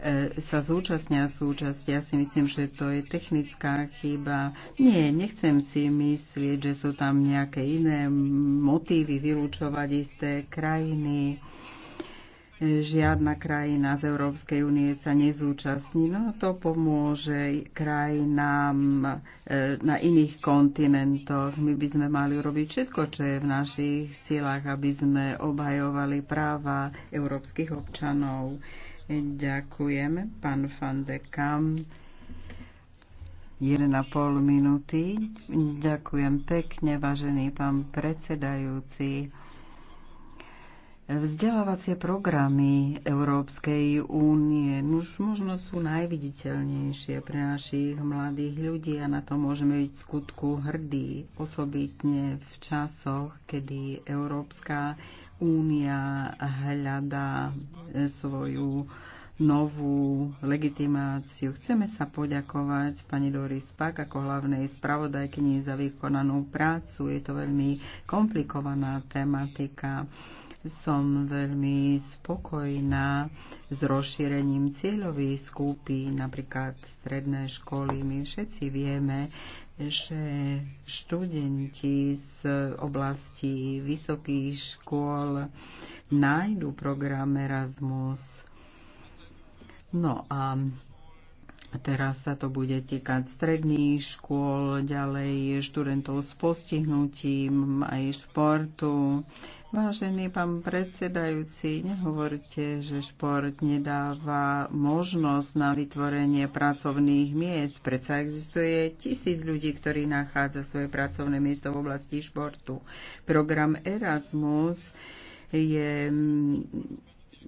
E, sa zúčastnia súčasť. Ja si myslím, že to je technická chyba. Nie, nechcem si myslieť, že sú tam nejaké iné motívy vylúčovať isté krajiny. E, žiadna krajina z Európskej únie sa nezúčastní. No to pomôže krajinám e, na iných kontinentoch. My by sme mali robiť všetko, čo je v našich silách, aby sme obhajovali práva európskych občanov. Ďakujem, pán Van de Kam. 1,5 minúty. Ďakujem pekne, vážený pán predsedajúci. Vzdelávacie programy Európskej únie už možno sú najviditeľnejšie pre našich mladých ľudí a na to môžeme byť v skutku hrdí, osobitne v časoch, kedy Európska únia hľadá e, svoju novú legitimáciu. Chceme sa poďakovať pani Doris Pak ako hlavnej spravodajkyni za vykonanú prácu. Je to veľmi komplikovaná tematika. Som veľmi spokojná s rozšírením cieľových skupín, napríklad stredné školy. My všetci vieme, že študenti z oblasti vysokých škôl nájdu program Erasmus. No a a Teraz sa to bude týkať stredných škôl, ďalej študentov s postihnutím, aj športu. Vážený pán predsedajúci, nehovorte, že šport nedáva možnosť na vytvorenie pracovných miest. Predsa existuje tisíc ľudí, ktorí nachádza svoje pracovné miesto v oblasti športu. Program Erasmus je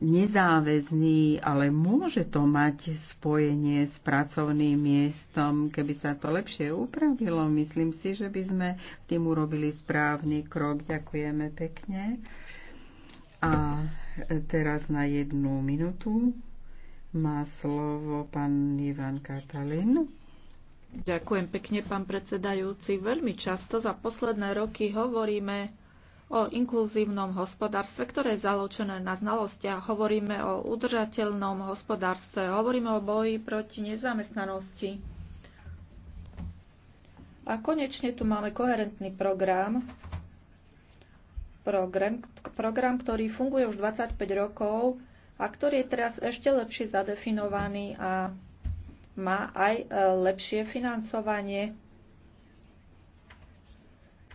nezáväzný, ale môže to mať spojenie s pracovným miestom. Keby sa to lepšie upravilo, myslím si, že by sme tým urobili správny krok. Ďakujeme pekne. A teraz na jednu minútu má slovo pán Ivan Katalin. Ďakujem pekne, pán predsedajúci. Veľmi často za posledné roky hovoríme o inkluzívnom hospodárstve, ktoré je založené na znalostiach. Hovoríme o udržateľnom hospodárstve, hovoríme o boji proti nezamestnanosti. A konečne tu máme koherentný program, program, program ktorý funguje už 25 rokov a ktorý je teraz ešte lepšie zadefinovaný a má aj e, lepšie financovanie.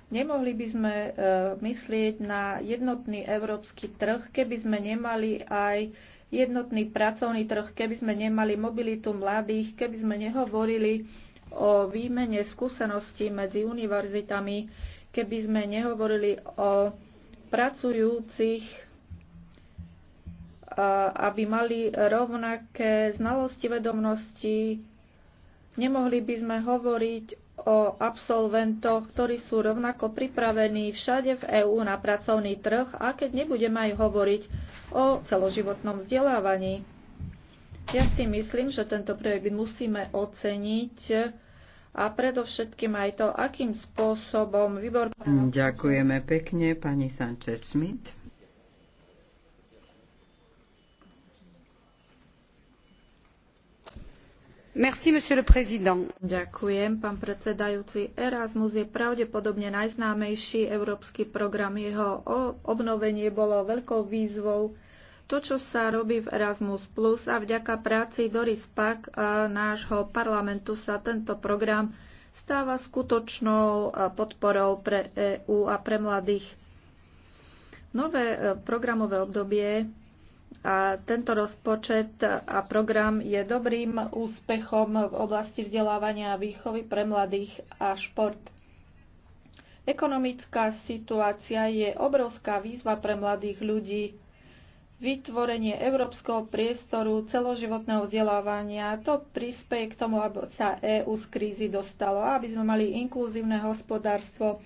Nemohli by sme e, myslieť na jednotný európsky trh, keby sme nemali aj jednotný pracovný trh, keby sme nemali mobilitu mladých, keby sme nehovorili o výmene skúseností medzi univerzitami, keby sme nehovorili o pracujúcich, e, aby mali rovnaké znalosti, vedomnosti. Nemohli by sme hovoriť o absolventoch, ktorí sú rovnako pripravení všade v EÚ na pracovný trh a keď nebudeme aj hovoriť o celoživotnom vzdelávaní. Ja si myslím, že tento projekt musíme oceniť a predovšetkým aj to, akým spôsobom výbor... Ďakujeme pekne, pani Sanchez-Smith. monsieur le président. Ďakujem, pán predsedajúci. Erasmus je pravdepodobne najznámejší európsky program. Jeho obnovenie bolo veľkou výzvou to, čo sa robí v Erasmus Plus a vďaka práci Doris pack a nášho parlamentu sa tento program stáva skutočnou e, podporou pre EÚ a pre mladých. Nové e, programové obdobie a tento rozpočet a program je dobrým úspechom v oblasti vzdelávania a výchovy pre mladých a šport. Ekonomická situácia je obrovská výzva pre mladých ľudí. Vytvorenie európskeho priestoru celoživotného vzdelávania to prispieje k tomu, aby sa EÚ z krízy dostalo a aby sme mali inkluzívne hospodárstvo.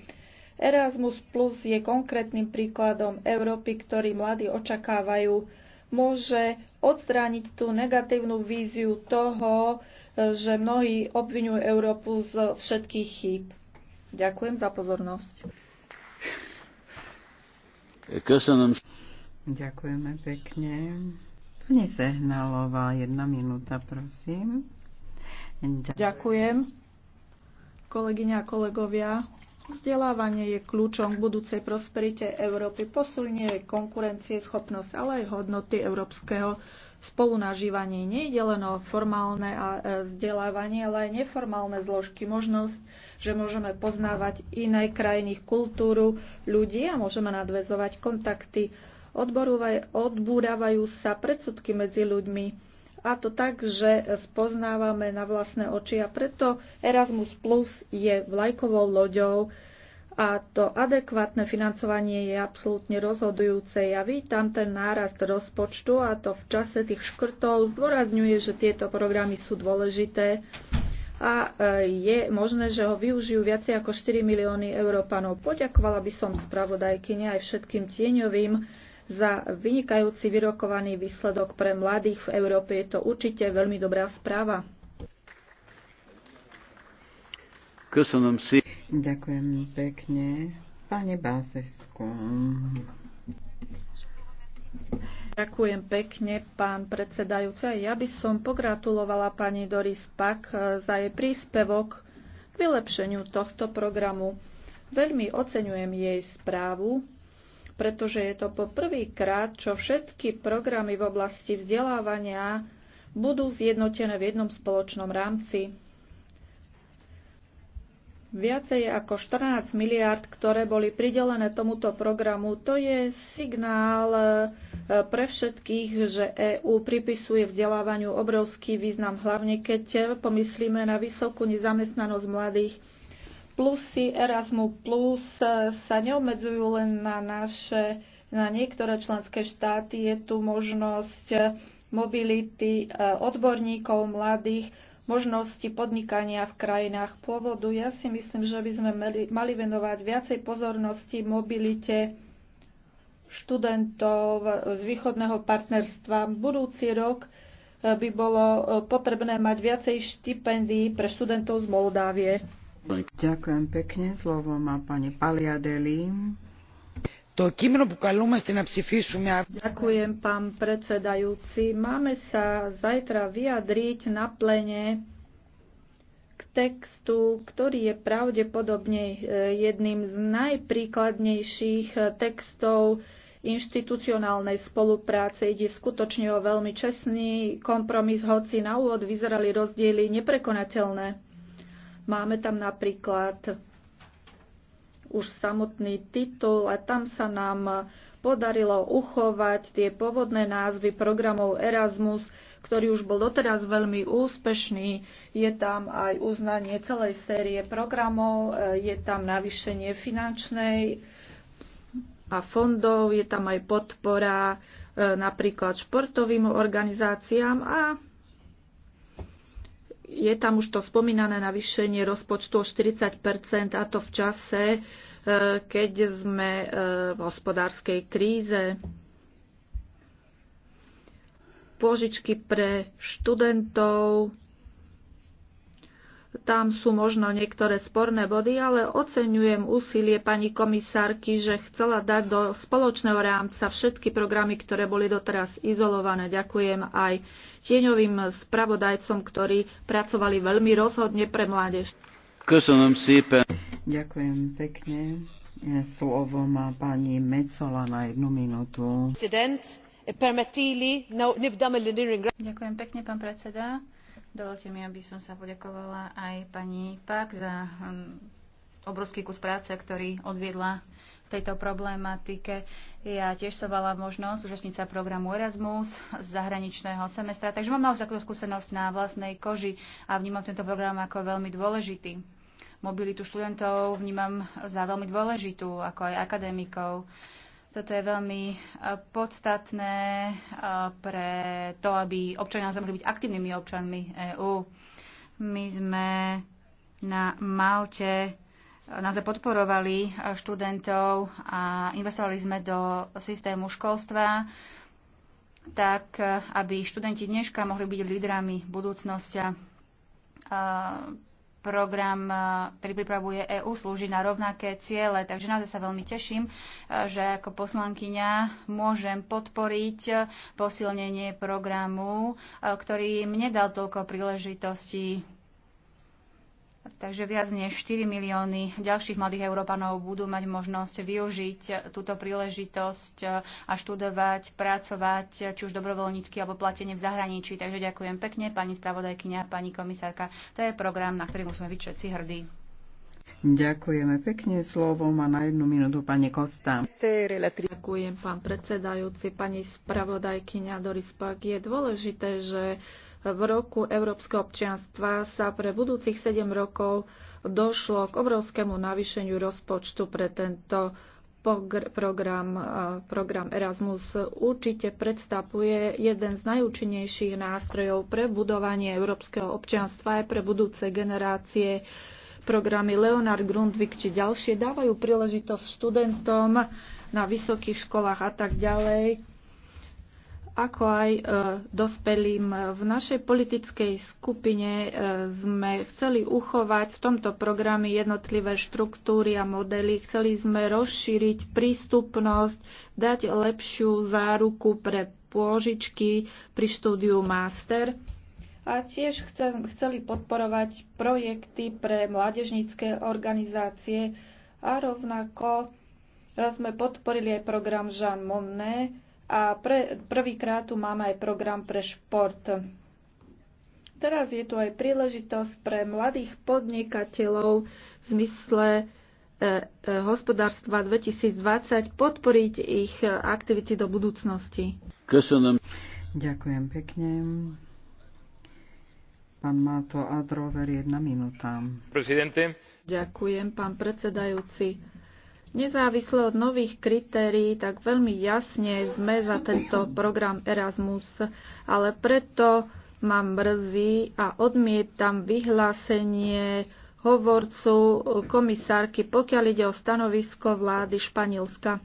Erasmus Plus je konkrétnym príkladom Európy, ktorý mladí očakávajú môže odstrániť tú negatívnu víziu toho, že mnohí obvinujú Európu z všetkých chýb. Ďakujem za pozornosť. Ďakujeme pekne. Pani Sehnalová, jedna minúta, prosím. Ďakujem. Kolegyňa a kolegovia, Vzdelávanie je kľúčom k budúcej prosperite Európy, posilnie konkurencie, schopnosť, ale aj hodnoty európskeho spolunažívania. Nejde len o formálne a e, vzdelávanie, ale aj neformálne zložky. Možnosť, že môžeme poznávať iné krajiny, kultúru, ľudí a môžeme nadvezovať kontakty. Odboruvaj, odbúravajú sa predsudky medzi ľuďmi a to tak, že spoznávame na vlastné oči a preto Erasmus Plus je vlajkovou loďou a to adekvátne financovanie je absolútne rozhodujúce. Ja vítam ten nárast rozpočtu a to v čase tých škrtov zdôrazňuje, že tieto programy sú dôležité a e, je možné, že ho využijú viacej ako 4 milióny Európanov. Poďakovala by som spravodajkyne aj všetkým tieňovým za vynikajúci vyrokovaný výsledok pre mladých v Európe. Je to určite veľmi dobrá správa. Ďakujem pekne. Pane Bázesku. Ďakujem pekne, pán predsedajúci. Ja by som pogratulovala pani Doris Pak eh, za jej príspevok k vylepšeniu tohto programu. Veľmi oceňujem jej správu pretože je to po krát, čo všetky programy v oblasti vzdelávania budú zjednotené v jednom spoločnom rámci. Viacej ako 14 miliard, ktoré boli pridelené tomuto programu, to je signál e, pre všetkých, že EÚ pripisuje vzdelávaniu obrovský význam, hlavne keď pomyslíme na vysokú nezamestnanosť mladých plusy Erasmus Plus e, sa neobmedzujú len na naše, na niektoré členské štáty. Je tu možnosť e, mobility e, odborníkov, mladých, možnosti podnikania v krajinách pôvodu. Ja si myslím, že by sme mali venovať viacej pozornosti mobilite študentov z východného partnerstva. Budúci rok by bolo potrebné mať viacej štipendií pre študentov z Moldávie. Ďakujem pekne. Slovo má pani Paliadeli. To ste na Ďakujem, pán predsedajúci. Máme sa zajtra vyjadriť na plene k textu, ktorý je pravdepodobne e, jedným z najpríkladnejších e, textov inštitucionálnej spolupráce. Ide skutočne o veľmi čestný kompromis, hoci na úvod vyzerali rozdiely neprekonateľné. Máme tam napríklad už samotný titul a tam sa nám podarilo uchovať tie pôvodné názvy programov Erasmus, ktorý už bol doteraz veľmi úspešný. Je tam aj uznanie celej série programov, je tam navýšenie finančnej a fondov, je tam aj podpora e, napríklad športovým organizáciám a je tam už to spomínané navýšenie rozpočtu o 40 a to v čase, e, keď sme e, v hospodárskej kríze. Pôžičky pre študentov tam sú možno niektoré sporné body, ale oceňujem úsilie pani komisárky, že chcela dať do spoločného rámca všetky programy, ktoré boli doteraz izolované. Ďakujem aj tieňovým spravodajcom, ktorí pracovali veľmi rozhodne pre mládež. Ďakujem pekne. Slovo má pani Mecola na jednu minútu. No, Ďakujem pekne, pán predseda. Dovolte mi, aby som sa poďakovala aj pani Pak za hm, obrovský kus práce, ktorý odviedla v tejto problematike. Ja tiež som mala možnosť zúčastniť sa programu Erasmus z zahraničného semestra, takže mám naozaj skúsenosť na vlastnej koži a vnímam tento program ako veľmi dôležitý. Mobilitu študentov vnímam za veľmi dôležitú, ako aj akadémikov. Toto je veľmi e, podstatné e, pre to, aby občania sa mohli byť aktívnymi občanmi EÚ. My sme na Malte e, naozaj podporovali študentov a investovali sme do systému školstva, tak aby študenti dneška mohli byť lídrami budúcnosti program, e, ktorý pripravuje EÚ, slúži na rovnaké ciele. Takže naozaj sa veľmi teším, e, že ako poslankyňa môžem podporiť e, posilnenie programu, ktorý mne dal toľko príležitostí Takže viac než 4 milióny ďalších mladých Európanov budú mať možnosť využiť túto príležitosť e, a študovať, pracovať, e, či už dobrovoľnícky alebo platenie v zahraničí. Takže ďakujem pekne, pani spravodajkyňa, pani komisárka. To je program, na ktorý musíme byť všetci hrdí. Ďakujeme pekne slovom a na jednu minútu pani Kosta. Ďakujem pán predsedajúci, pani spravodajkyňa Doris Pak. Je dôležité, že v roku Európskeho občianstva sa pre budúcich 7 rokov došlo k obrovskému navýšeniu rozpočtu pre tento program, program Erasmus určite predstavuje jeden z najúčinnejších nástrojov pre budovanie európskeho občianstva aj pre budúce generácie. Programy Leonard Grundvik či ďalšie dávajú príležitosť študentom na vysokých školách a tak ďalej ako aj e, dospelým. V našej politickej skupine e, sme chceli uchovať v tomto programe jednotlivé štruktúry a modely. Chceli sme rozšíriť prístupnosť, dať lepšiu záruku pre pôžičky pri štúdiu master. A tiež chceli podporovať projekty pre mládežnícke organizácie a rovnako sme podporili aj program Jean Monnet, a pre, prvýkrát tu máme aj program pre šport. Teraz je tu aj príležitosť pre mladých podnikateľov v zmysle e, e, hospodárstva 2020 podporiť ich aktivity do budúcnosti. Ďakujem pekne. Pán Mato Adrover, jedna minúta. Ďakujem, pán predsedajúci Nezávisle od nových kritérií, tak veľmi jasne sme za tento program Erasmus, ale preto ma mrzí a odmietam vyhlásenie hovorcu komisárky, pokiaľ ide o stanovisko vlády Španielska.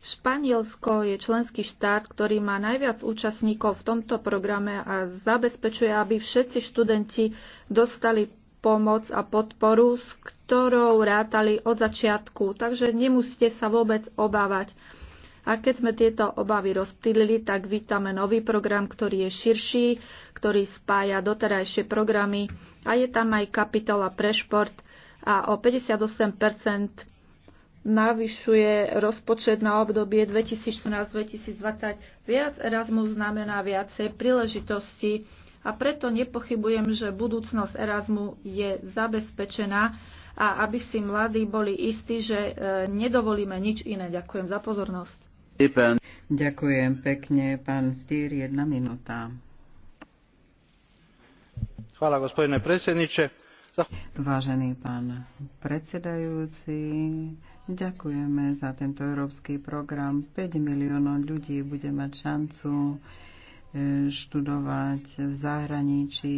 Španielsko je členský štát, ktorý má najviac účastníkov v tomto programe a zabezpečuje, aby všetci študenti dostali pomoc a podporu, s ktorou rátali od začiatku, takže nemusíte sa vôbec obávať. A keď sme tieto obavy rozptýlili, tak vítame nový program, ktorý je širší, ktorý spája doterajšie programy a je tam aj kapitola pre šport a o 58 navyšuje rozpočet na obdobie 2014-2020. Viac Erasmus znamená viacej príležitosti a preto nepochybujem, že budúcnosť Erasmu je zabezpečená a aby si mladí boli istí, že e, nedovolíme nič iné. Ďakujem za pozornosť. Ďakujem pekne, pán Stýr, jedna minúta. Hvala, gospodine predsedniče. Vážený pán predsedajúci, ďakujeme za tento európsky program. 5 miliónov ľudí bude mať šancu E, študovať v zahraničí,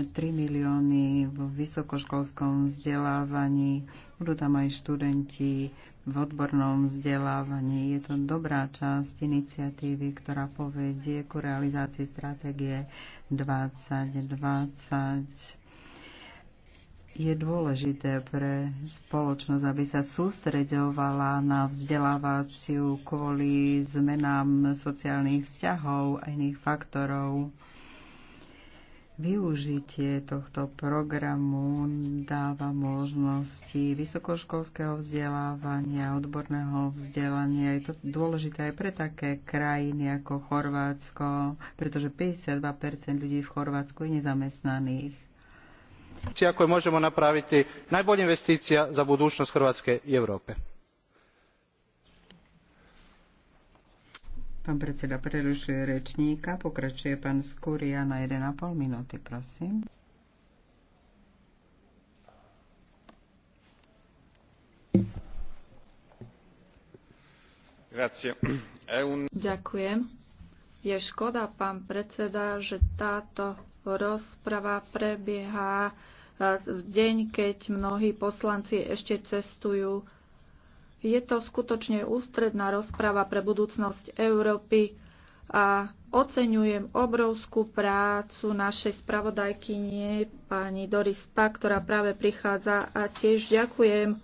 3 milióny v vysokoškolskom vzdelávaní, budú tam aj študenti v odbornom vzdelávaní. Je to dobrá časť iniciatívy, ktorá povedie ku realizácii stratégie 2020 je dôležité pre spoločnosť, aby sa sústreďovala na vzdelávaciu kvôli zmenám sociálnych vzťahov a iných faktorov. Využitie tohto programu dáva možnosti vysokoškolského vzdelávania, odborného vzdelania. Je to dôležité aj pre také krajiny ako Chorvátsko, pretože 52% ľudí v Chorvátsku je nezamestnaných investicija koju možemo napraviti najbolja investicija za budućnost hrvatske i europe. Pán predseda prerušuje rečníka, pokračuje pán Skúria na 1,5 Je škoda, pán predseda, že táto rozprava prebieha v deň, keď mnohí poslanci ešte cestujú. Je to skutočne ústredná rozpráva pre budúcnosť Európy a oceňujem obrovskú prácu našej spravodajkynie pani Doris Pak, ktorá práve prichádza a tiež ďakujem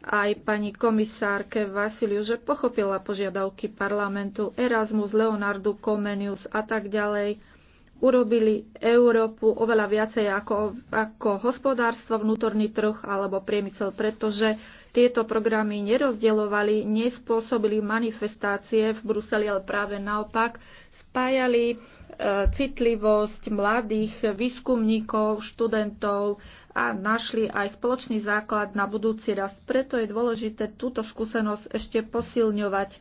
aj pani komisárke Vasiliu, že pochopila požiadavky parlamentu Erasmus, Leonardu Comenius a tak ďalej urobili Európu oveľa viacej ako, ako hospodárstvo, vnútorný trh alebo priemysel, pretože tieto programy nerozdielovali, nespôsobili manifestácie v Bruseli, ale práve naopak spájali e, citlivosť mladých výskumníkov, študentov a našli aj spoločný základ na budúci rast. Preto je dôležité túto skúsenosť ešte posilňovať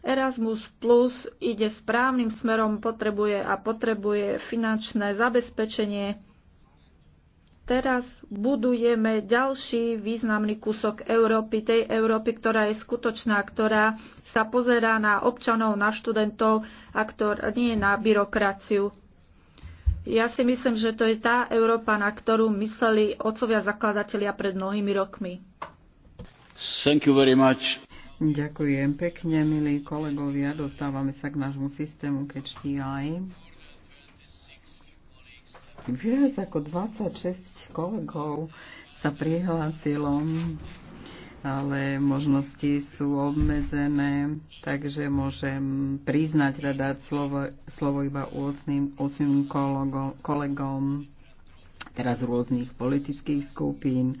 Erasmus Plus ide správnym smerom, potrebuje a potrebuje finančné zabezpečenie. Teraz budujeme ďalší významný kúsok Európy, tej Európy, ktorá je skutočná, ktorá sa pozerá na občanov, na študentov a ktor- nie na byrokraciu. Ja si myslím, že to je tá Európa, na ktorú mysleli otcovia zakladatelia pred mnohými rokmi. Thank you very much. Ďakujem pekne, milí kolegovia. Dostávame sa k nášmu systému KHTI. Viac ako 26 kolegov sa prihlásilo, ale možnosti sú obmedzené, takže môžem priznať a dať slovo, slovo iba 8, 8 kolegom, kolegom teraz rôznych politických skupín.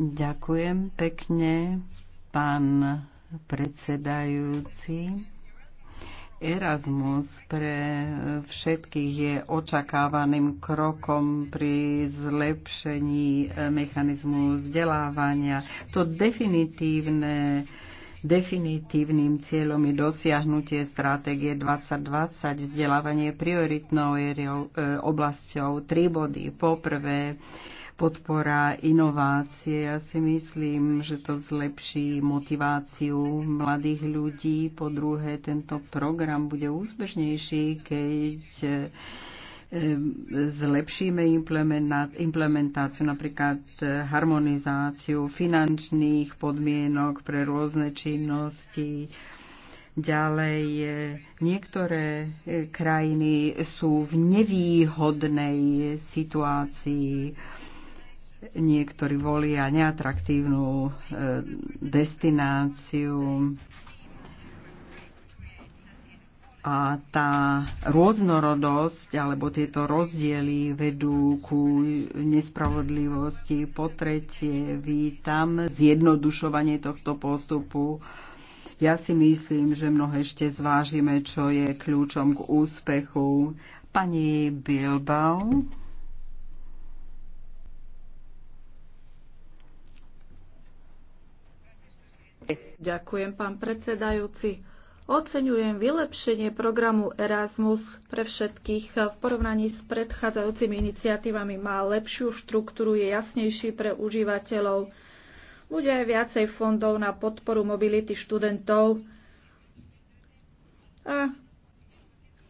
Ďakujem pekne, pán predsedajúci. Erasmus pre všetkých je očakávaným krokom pri zlepšení mechanizmu vzdelávania. To definitívne Definitívnym cieľom je dosiahnutie stratégie 2020. Vzdelávanie prioritnou e, oblasťou tri body. Poprvé, podpora inovácie. Ja si myslím, že to zlepší motiváciu mladých ľudí. Po druhé, tento program bude úspešnejší, keď eh, zlepšíme implementáciu, napríklad eh, harmonizáciu finančných podmienok pre rôzne činnosti. Ďalej, eh, niektoré krajiny sú v nevýhodnej situácii Niektorí volia neatraktívnu e, destináciu a tá rôznorodosť alebo tieto rozdiely vedú ku nespravodlivosti. Po tretie, vítam zjednodušovanie tohto postupu. Ja si myslím, že mnohé ešte zvážime, čo je kľúčom k úspechu. Pani Bilbao. Ďakujem, pán predsedajúci. Oceňujem vylepšenie programu Erasmus pre všetkých v porovnaní s predchádzajúcimi iniciatívami. Má lepšiu štruktúru, je jasnejší pre užívateľov. Bude aj viacej fondov na podporu mobility študentov. A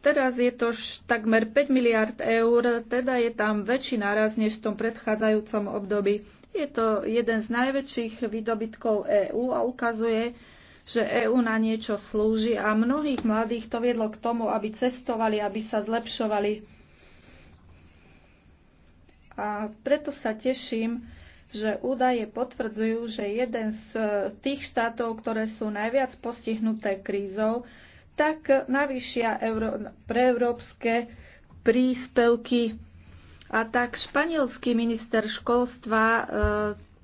teraz je to takmer 5 miliard eur, teda je tam väčší náraz než v tom predchádzajúcom období. Je to jeden z najväčších výdobytkov EÚ a ukazuje, že EÚ na niečo slúži a mnohých mladých to viedlo k tomu, aby cestovali, aby sa zlepšovali. A preto sa teším, že údaje potvrdzujú, že jeden z e, tých štátov, ktoré sú najviac postihnuté krízou, tak navýšia euro, preeurópske príspevky a tak španielský minister školstva eh,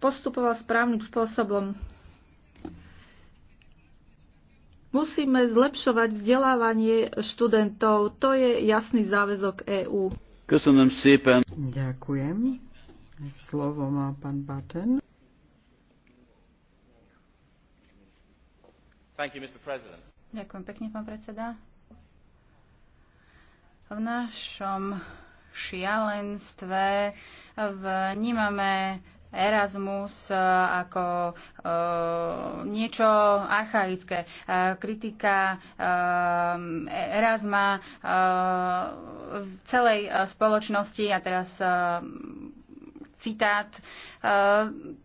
postupoval správnym spôsobom. Musíme zlepšovať vzdelávanie študentov. To je jasný záväzok EÚ. Ďakujem. Slovo má pán Batten. You, Ďakujem pekne, pán predseda. V našom šialenstve. Vnímame Erasmus e, ako e, niečo archaické. E, kritika e, Erasma e, v celej e, spoločnosti a teraz e, citát. E,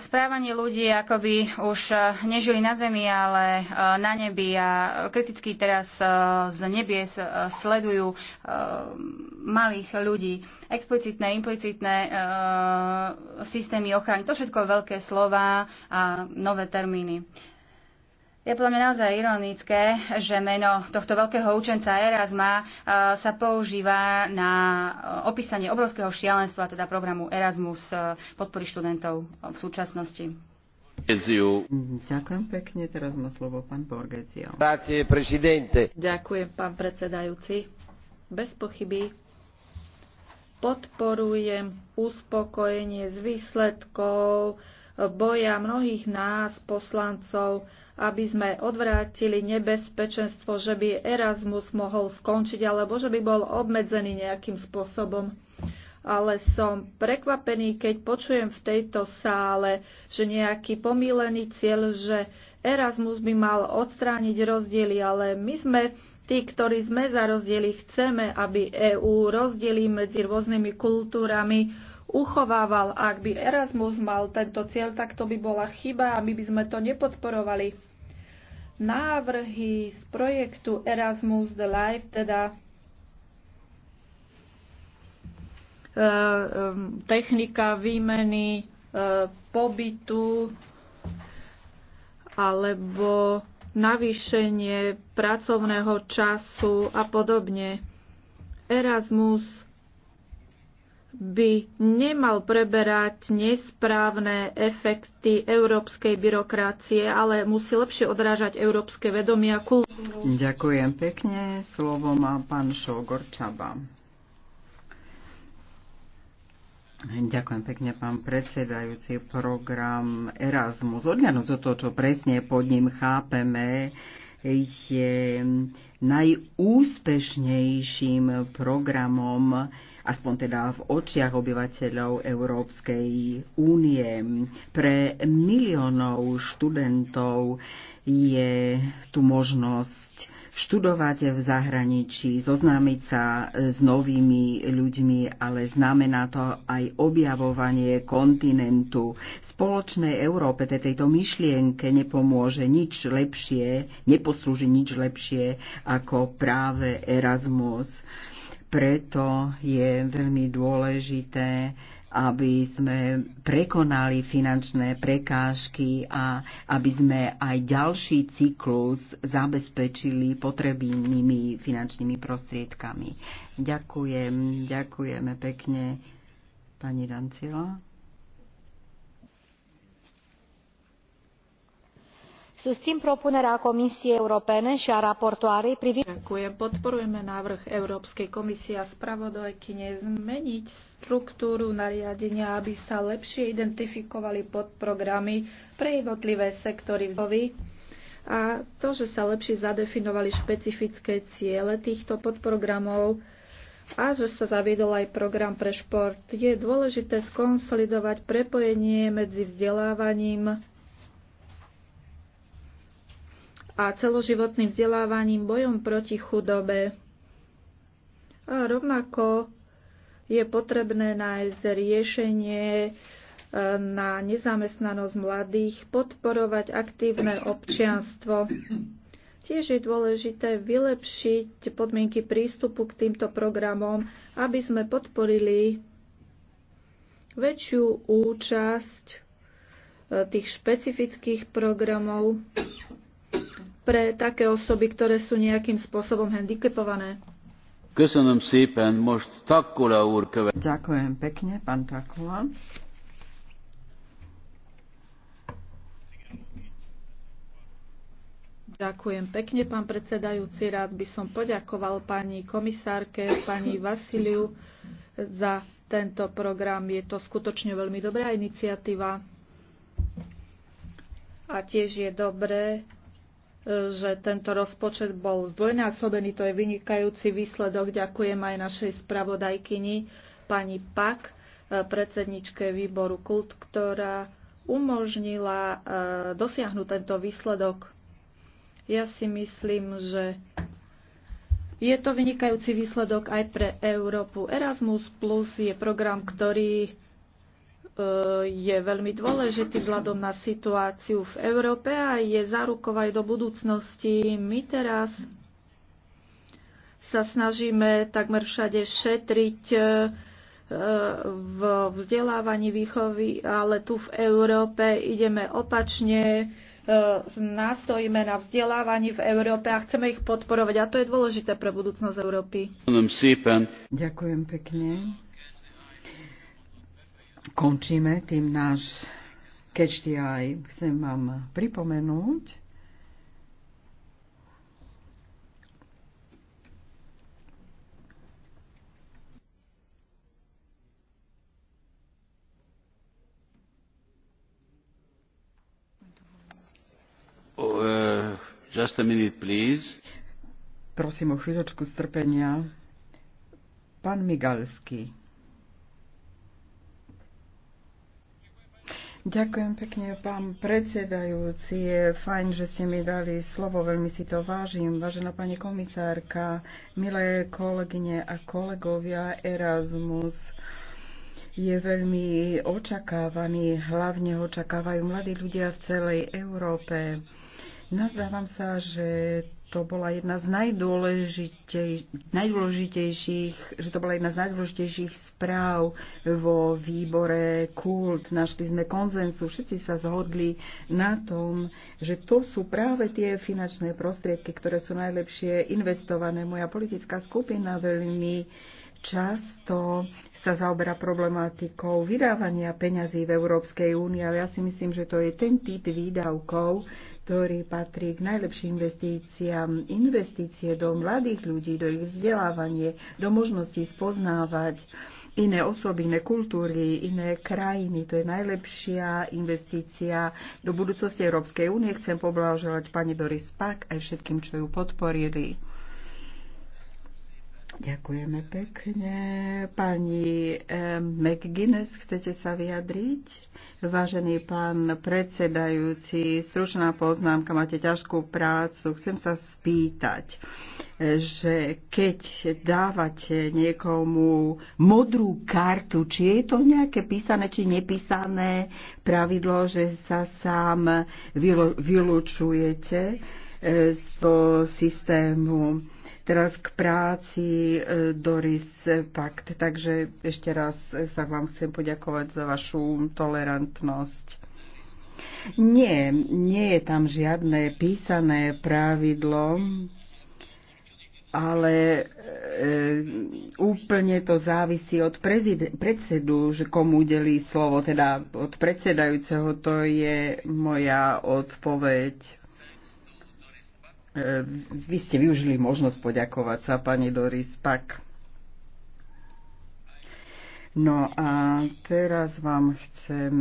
správanie ľudí, ako by už e, nežili na zemi, ale e, na nebi a kriticky teraz e, z nebies sledujú malých ľudí. Explicitné, implicitné systémy ochrany, to všetko veľké slova a nové termíny. Je podľa mňa naozaj ironické, že meno tohto veľkého učenca Erasma e, sa používa na opísanie obrovského šialenstva, teda programu Erasmus e, podpory študentov v súčasnosti. Ďakujem pekne, teraz má slovo pán Borgezio. Ďakujem, pán predsedajúci. Bez pochyby podporujem uspokojenie z výsledkov boja mnohých nás, poslancov, aby sme odvrátili nebezpečenstvo, že by Erasmus mohol skončiť alebo že by bol obmedzený nejakým spôsobom. Ale som prekvapený, keď počujem v tejto sále, že nejaký pomílený cieľ, že Erasmus by mal odstrániť rozdiely, ale my sme tí, ktorí sme za rozdiely, chceme, aby EÚ rozdiely medzi rôznymi kultúrami, uchovával. Ak by Erasmus mal tento cieľ, tak to by bola chyba a my by sme to nepodporovali. Návrhy z projektu Erasmus The Life, teda e, e, technika výmeny e, pobytu alebo navýšenie pracovného času a podobne. Erasmus by nemal preberať nesprávne efekty európskej byrokracie, ale musí lepšie odrážať európske vedomia a kultúru. Ďakujem pekne. Slovo má pán Šogor Čaba. Ďakujem pekne, pán predsedajúci. Program Erasmus, odľanúc od toho, čo presne pod ním chápeme, je najúspešnejším programom, aspoň teda v očiach obyvateľov Európskej únie. Pre miliónov študentov je tu možnosť študovať v zahraničí, zoznámiť sa s novými ľuďmi, ale znamená to aj objavovanie kontinentu. Spoločnej Európe, tejto myšlienke nepomôže nič lepšie, neposlúži nič lepšie ako práve Erasmus. Preto je veľmi dôležité aby sme prekonali finančné prekážky a aby sme aj ďalší cyklus zabezpečili potrebnými finančnými prostriedkami. Ďakujem, ďakujeme pekne pani Dancila. susțin propunerea comisiei europene și a raportoarei privind. Podporujeme návrh Európskej komisie a spravodajkyne zmeniť štruktúru nariadenia, aby sa lepšie identifikovali podprogramy pre jednotlivé sektory vzovy a to, že sa lepšie zadefinovali špecifické ciele týchto podprogramov a že sa zaviedol aj program pre šport. Je dôležité skonsolidovať prepojenie medzi vzdelávaním, a celoživotným vzdelávaním, bojom proti chudobe. A rovnako je potrebné nájsť riešenie e, na nezamestnanosť mladých, podporovať aktívne občianstvo. Tiež je dôležité vylepšiť podmienky prístupu k týmto programom, aby sme podporili väčšiu účasť e, tých špecifických programov pre také osoby, ktoré sú nejakým spôsobom handicapované. Ďakujem pekne, pán Takula. Ďakujem pekne, pán predsedajúci. Rád by som poďakoval pani komisárke, pani Vasiliu za tento program. Je to skutočne veľmi dobrá iniciatíva. A tiež je dobré, že tento rozpočet bol zdvojnásobený. To je vynikajúci výsledok. Ďakujem aj našej spravodajkyni pani Pak, eh, predsedničke výboru KULT, ktorá umožnila eh, dosiahnuť tento výsledok. Ja si myslím, že je to vynikajúci výsledok aj pre Európu. Erasmus Plus je program, ktorý E, je veľmi dôležitý vzhľadom na situáciu v Európe a je zárukou aj do budúcnosti. My teraz sa snažíme takmer všade šetriť e, v vzdelávaní výchovy, ale tu v Európe ideme opačne, e, nástojíme na vzdelávaní v Európe a chceme ich podporovať. A to je dôležité pre budúcnosť Európy. Ďakujem pekne končíme tým náš catch aj Chcem vám pripomenúť, oh, uh, Just a minute, please. Prosím o chvíľočku strpenia. Pán Migalský. Ďakujem pekne, pán predsedajúci. Je fajn, že ste mi dali slovo, veľmi si to vážim. Vážená pani komisárka, milé kolegyne a kolegovia, Erasmus je veľmi očakávaný, hlavne ho očakávajú mladí ľudia v celej Európe. Nazdávam sa, že to bola jedna z najdôležitej, najdôležitejších, že to bola jedna z najdôležitejších správ vo výbore kult. Našli sme konzensu, všetci sa zhodli na tom, že to sú práve tie finančné prostriedky, ktoré sú najlepšie investované. Moja politická skupina veľmi často sa zaoberá problematikou vydávania peňazí v Európskej únii, ale ja si myslím, že to je ten typ výdavkov, ktorý patrí k najlepším investíciám. Investície do mladých ľudí, do ich vzdelávanie, do možnosti spoznávať iné osoby, iné kultúry, iné krajiny. To je najlepšia investícia do budúcnosti Európskej únie. Chcem poblážovať pani Doris Pak aj všetkým, čo ju podporili. Ďakujeme pekne. Pani eh, McGuinness, chcete sa vyjadriť? Vážený pán predsedajúci, stručná poznámka, máte ťažkú prácu. Chcem sa spýtať, eh, že keď dávate niekomu modrú kartu, či je to nejaké písané či nepísané pravidlo, že sa sám vylučujete eh, zo systému Teraz k práci e, Doris Pakt. Takže ešte raz sa vám chcem poďakovať za vašu tolerantnosť. Nie, nie je tam žiadne písané pravidlo, ale e, úplne to závisí od predsedu, že komu delí slovo, teda od predsedajúceho, to je moja odpoveď. E, vy ste využili možnosť poďakovať sa pani Doris Pak. No a teraz vám chcem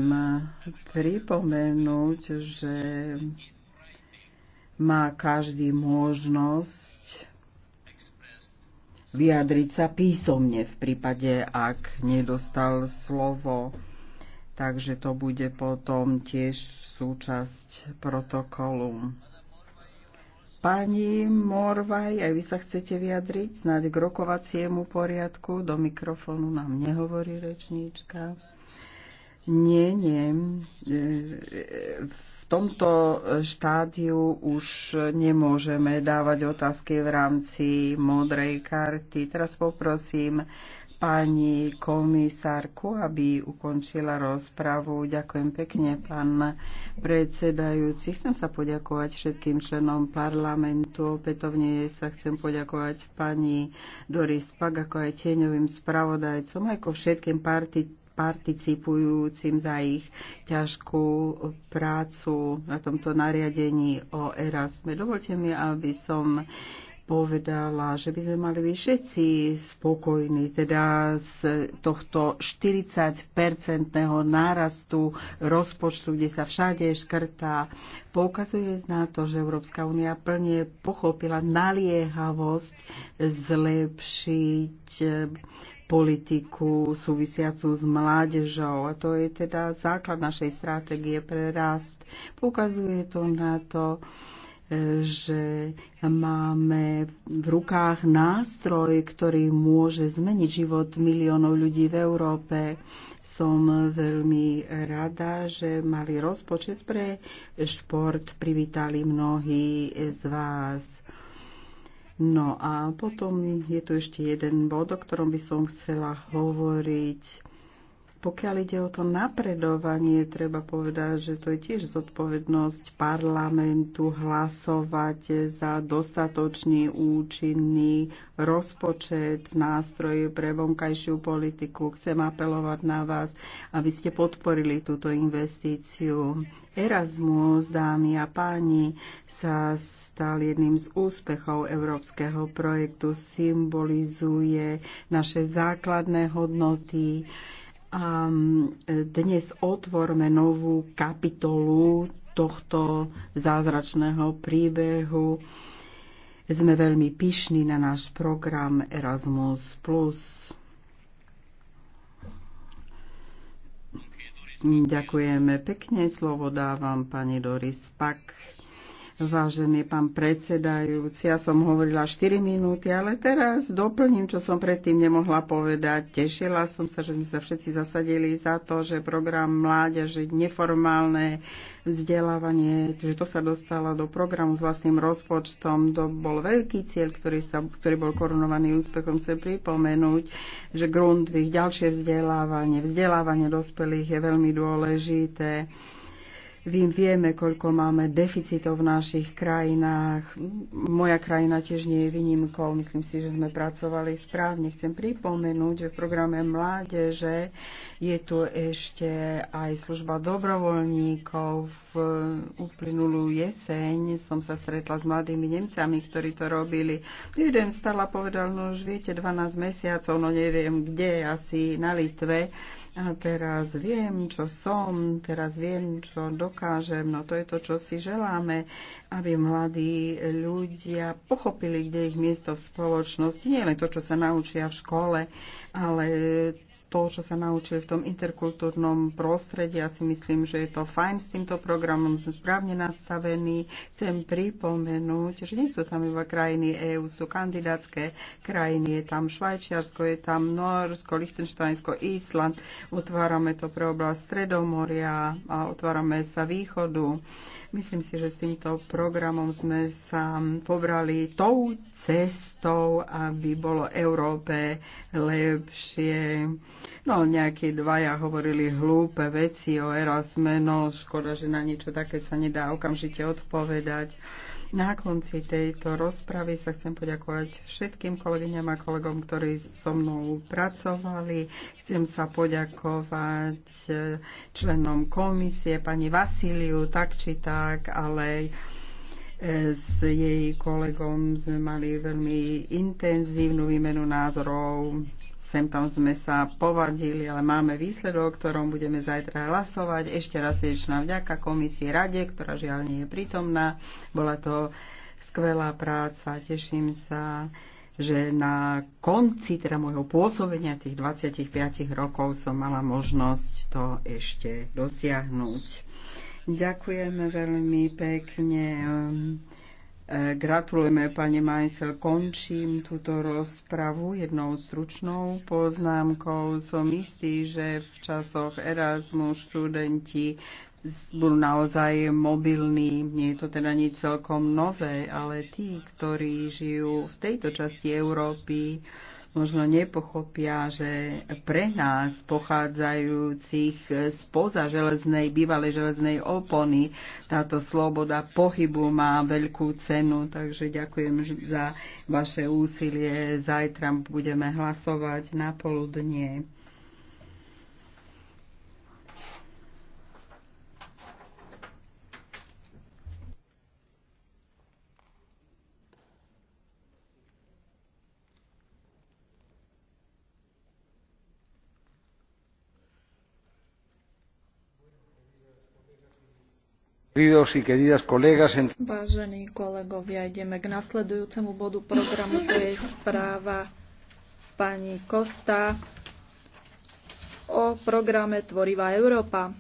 pripomenúť, že má každý možnosť vyjadriť sa písomne v prípade, ak nedostal slovo. Takže to bude potom tiež súčasť protokolu. Pani Morvaj, aj vy sa chcete vyjadriť, snáď k rokovaciemu poriadku, do mikrofónu nám nehovorí rečníčka. Nie, nie. E, e, v tomto štádiu už nemôžeme dávať otázky v rámci modrej karty. Teraz poprosím pani komisárku, aby ukončila rozpravu. Ďakujem pekne, pán predsedajúci. Chcem sa poďakovať všetkým členom parlamentu. Opätovne sa chcem poďakovať pani Doris Pak, ako aj tieňovým spravodajcom, ako všetkým parti participujúcim za ich ťažkú prácu na tomto nariadení o Erasme. Dovolte mi, aby som povedala, že by sme mali byť všetci spokojní teda z tohto 40-percentného nárastu rozpočtu, kde sa všade škrtá. Poukazuje na to, že Európska únia plne pochopila naliehavosť zlepšiť eh, politiku súvisiacu s mládežou. A to je teda základ našej stratégie pre rast. Poukazuje to na to, že máme v rukách nástroj, ktorý môže zmeniť život miliónov ľudí v Európe. Som veľmi rada, že mali rozpočet pre šport, privítali mnohí z vás. No a potom je tu ešte jeden bod, o ktorom by som chcela hovoriť pokiaľ ide o to napredovanie, treba povedať, že to je tiež zodpovednosť parlamentu hlasovať za dostatočný účinný rozpočet, nástroj pre vonkajšiu politiku. Chcem apelovať na vás, aby ste podporili túto investíciu. Erasmus, dámy a páni, sa stal jedným z úspechov európskeho projektu, symbolizuje naše základné hodnoty, a dnes otvorme novú kapitolu tohto zázračného príbehu. Sme veľmi pyšní na náš program Erasmus+. Ďakujeme pekne, slovo dávam pani Doris Pak. Vážený pán predsedajúci, ja som hovorila 4 minúty, ale teraz doplním, čo som predtým nemohla povedať. Tešila som sa, že sme sa všetci zasadili za to, že program mládeže, neformálne vzdelávanie, že to sa dostalo do programu s vlastným rozpočtom. To bol veľký cieľ, ktorý, sa, ktorý bol korunovaný úspechom. Chcem pripomenúť, že Grundvich, ďalšie vzdelávanie, vzdelávanie dospelých je veľmi dôležité. Vím, vieme, koľko máme deficitov v našich krajinách. Moja krajina tiež nie je výnimkou. Myslím si, že sme pracovali správne. Chcem pripomenúť, že v programe Mládeže je tu ešte aj služba dobrovoľníkov. V uplynulú jeseň som sa stretla s mladými Nemcami, ktorí to robili. Jeden stala povedal, no už viete, 12 mesiacov, no neviem kde, asi na Litve a teraz viem, čo som, teraz viem, čo dokážem. No to je to, čo si želáme, aby mladí ľudia pochopili, kde je ich miesto v spoločnosti. Nie len to, čo sa naučia v škole, ale to, čo sa naučili v tom interkultúrnom prostredí. Ja si myslím, že je to fajn s týmto programom, som správne nastavený. Chcem pripomenúť, že nie sú tam iba krajiny EÚ, sú kandidátske krajiny. Je tam Švajčiarsko, je tam Norsko, Lichtensteinsko, Island. Otvárame to pre oblasť Stredomoria a otvárame sa východu. Myslím si, že s týmto programom sme sa pobrali tou cestou, aby bolo Európe lepšie. No, nejakí dvaja hovorili hlúpe veci o Erasme, no škoda, že na niečo také sa nedá okamžite odpovedať. Na konci tejto rozpravy sa chcem poďakovať všetkým kolegyňam a kolegom, ktorí so mnou pracovali. Chcem sa poďakovať eh, členom komisie, pani Vasíliu, tak či tak, ale eh, s jej kolegom sme mali veľmi intenzívnu výmenu názorov Sem tam sme sa povadili, ale máme výsledok, o ktorom budeme zajtra hlasovať. Ešte raz srdečná vďaka komisii Rade, ktorá žiaľ nie je prítomná. Bola to skvelá práca, teším sa že na konci teda môjho pôsobenia tých 25 rokov som mala možnosť to ešte dosiahnuť. Ďakujeme veľmi pekne. Gratulujeme, pani Majsel. Končím túto rozpravu jednou stručnou poznámkou. Som istý, že v časoch Erasmu študenti budú naozaj mobilní. Nie je to teda nič celkom nové, ale tí, ktorí žijú v tejto časti Európy, možno nepochopia, že pre nás pochádzajúcich spoza železnej, bývalej železnej opony táto sloboda pohybu má veľkú cenu, takže ďakujem za vaše úsilie. Zajtra budeme hlasovať na poludnie. Vážení kolegovia, ideme k nasledujúcemu bodu programu, to je správa pani Kosta o programe Tvorivá Európa.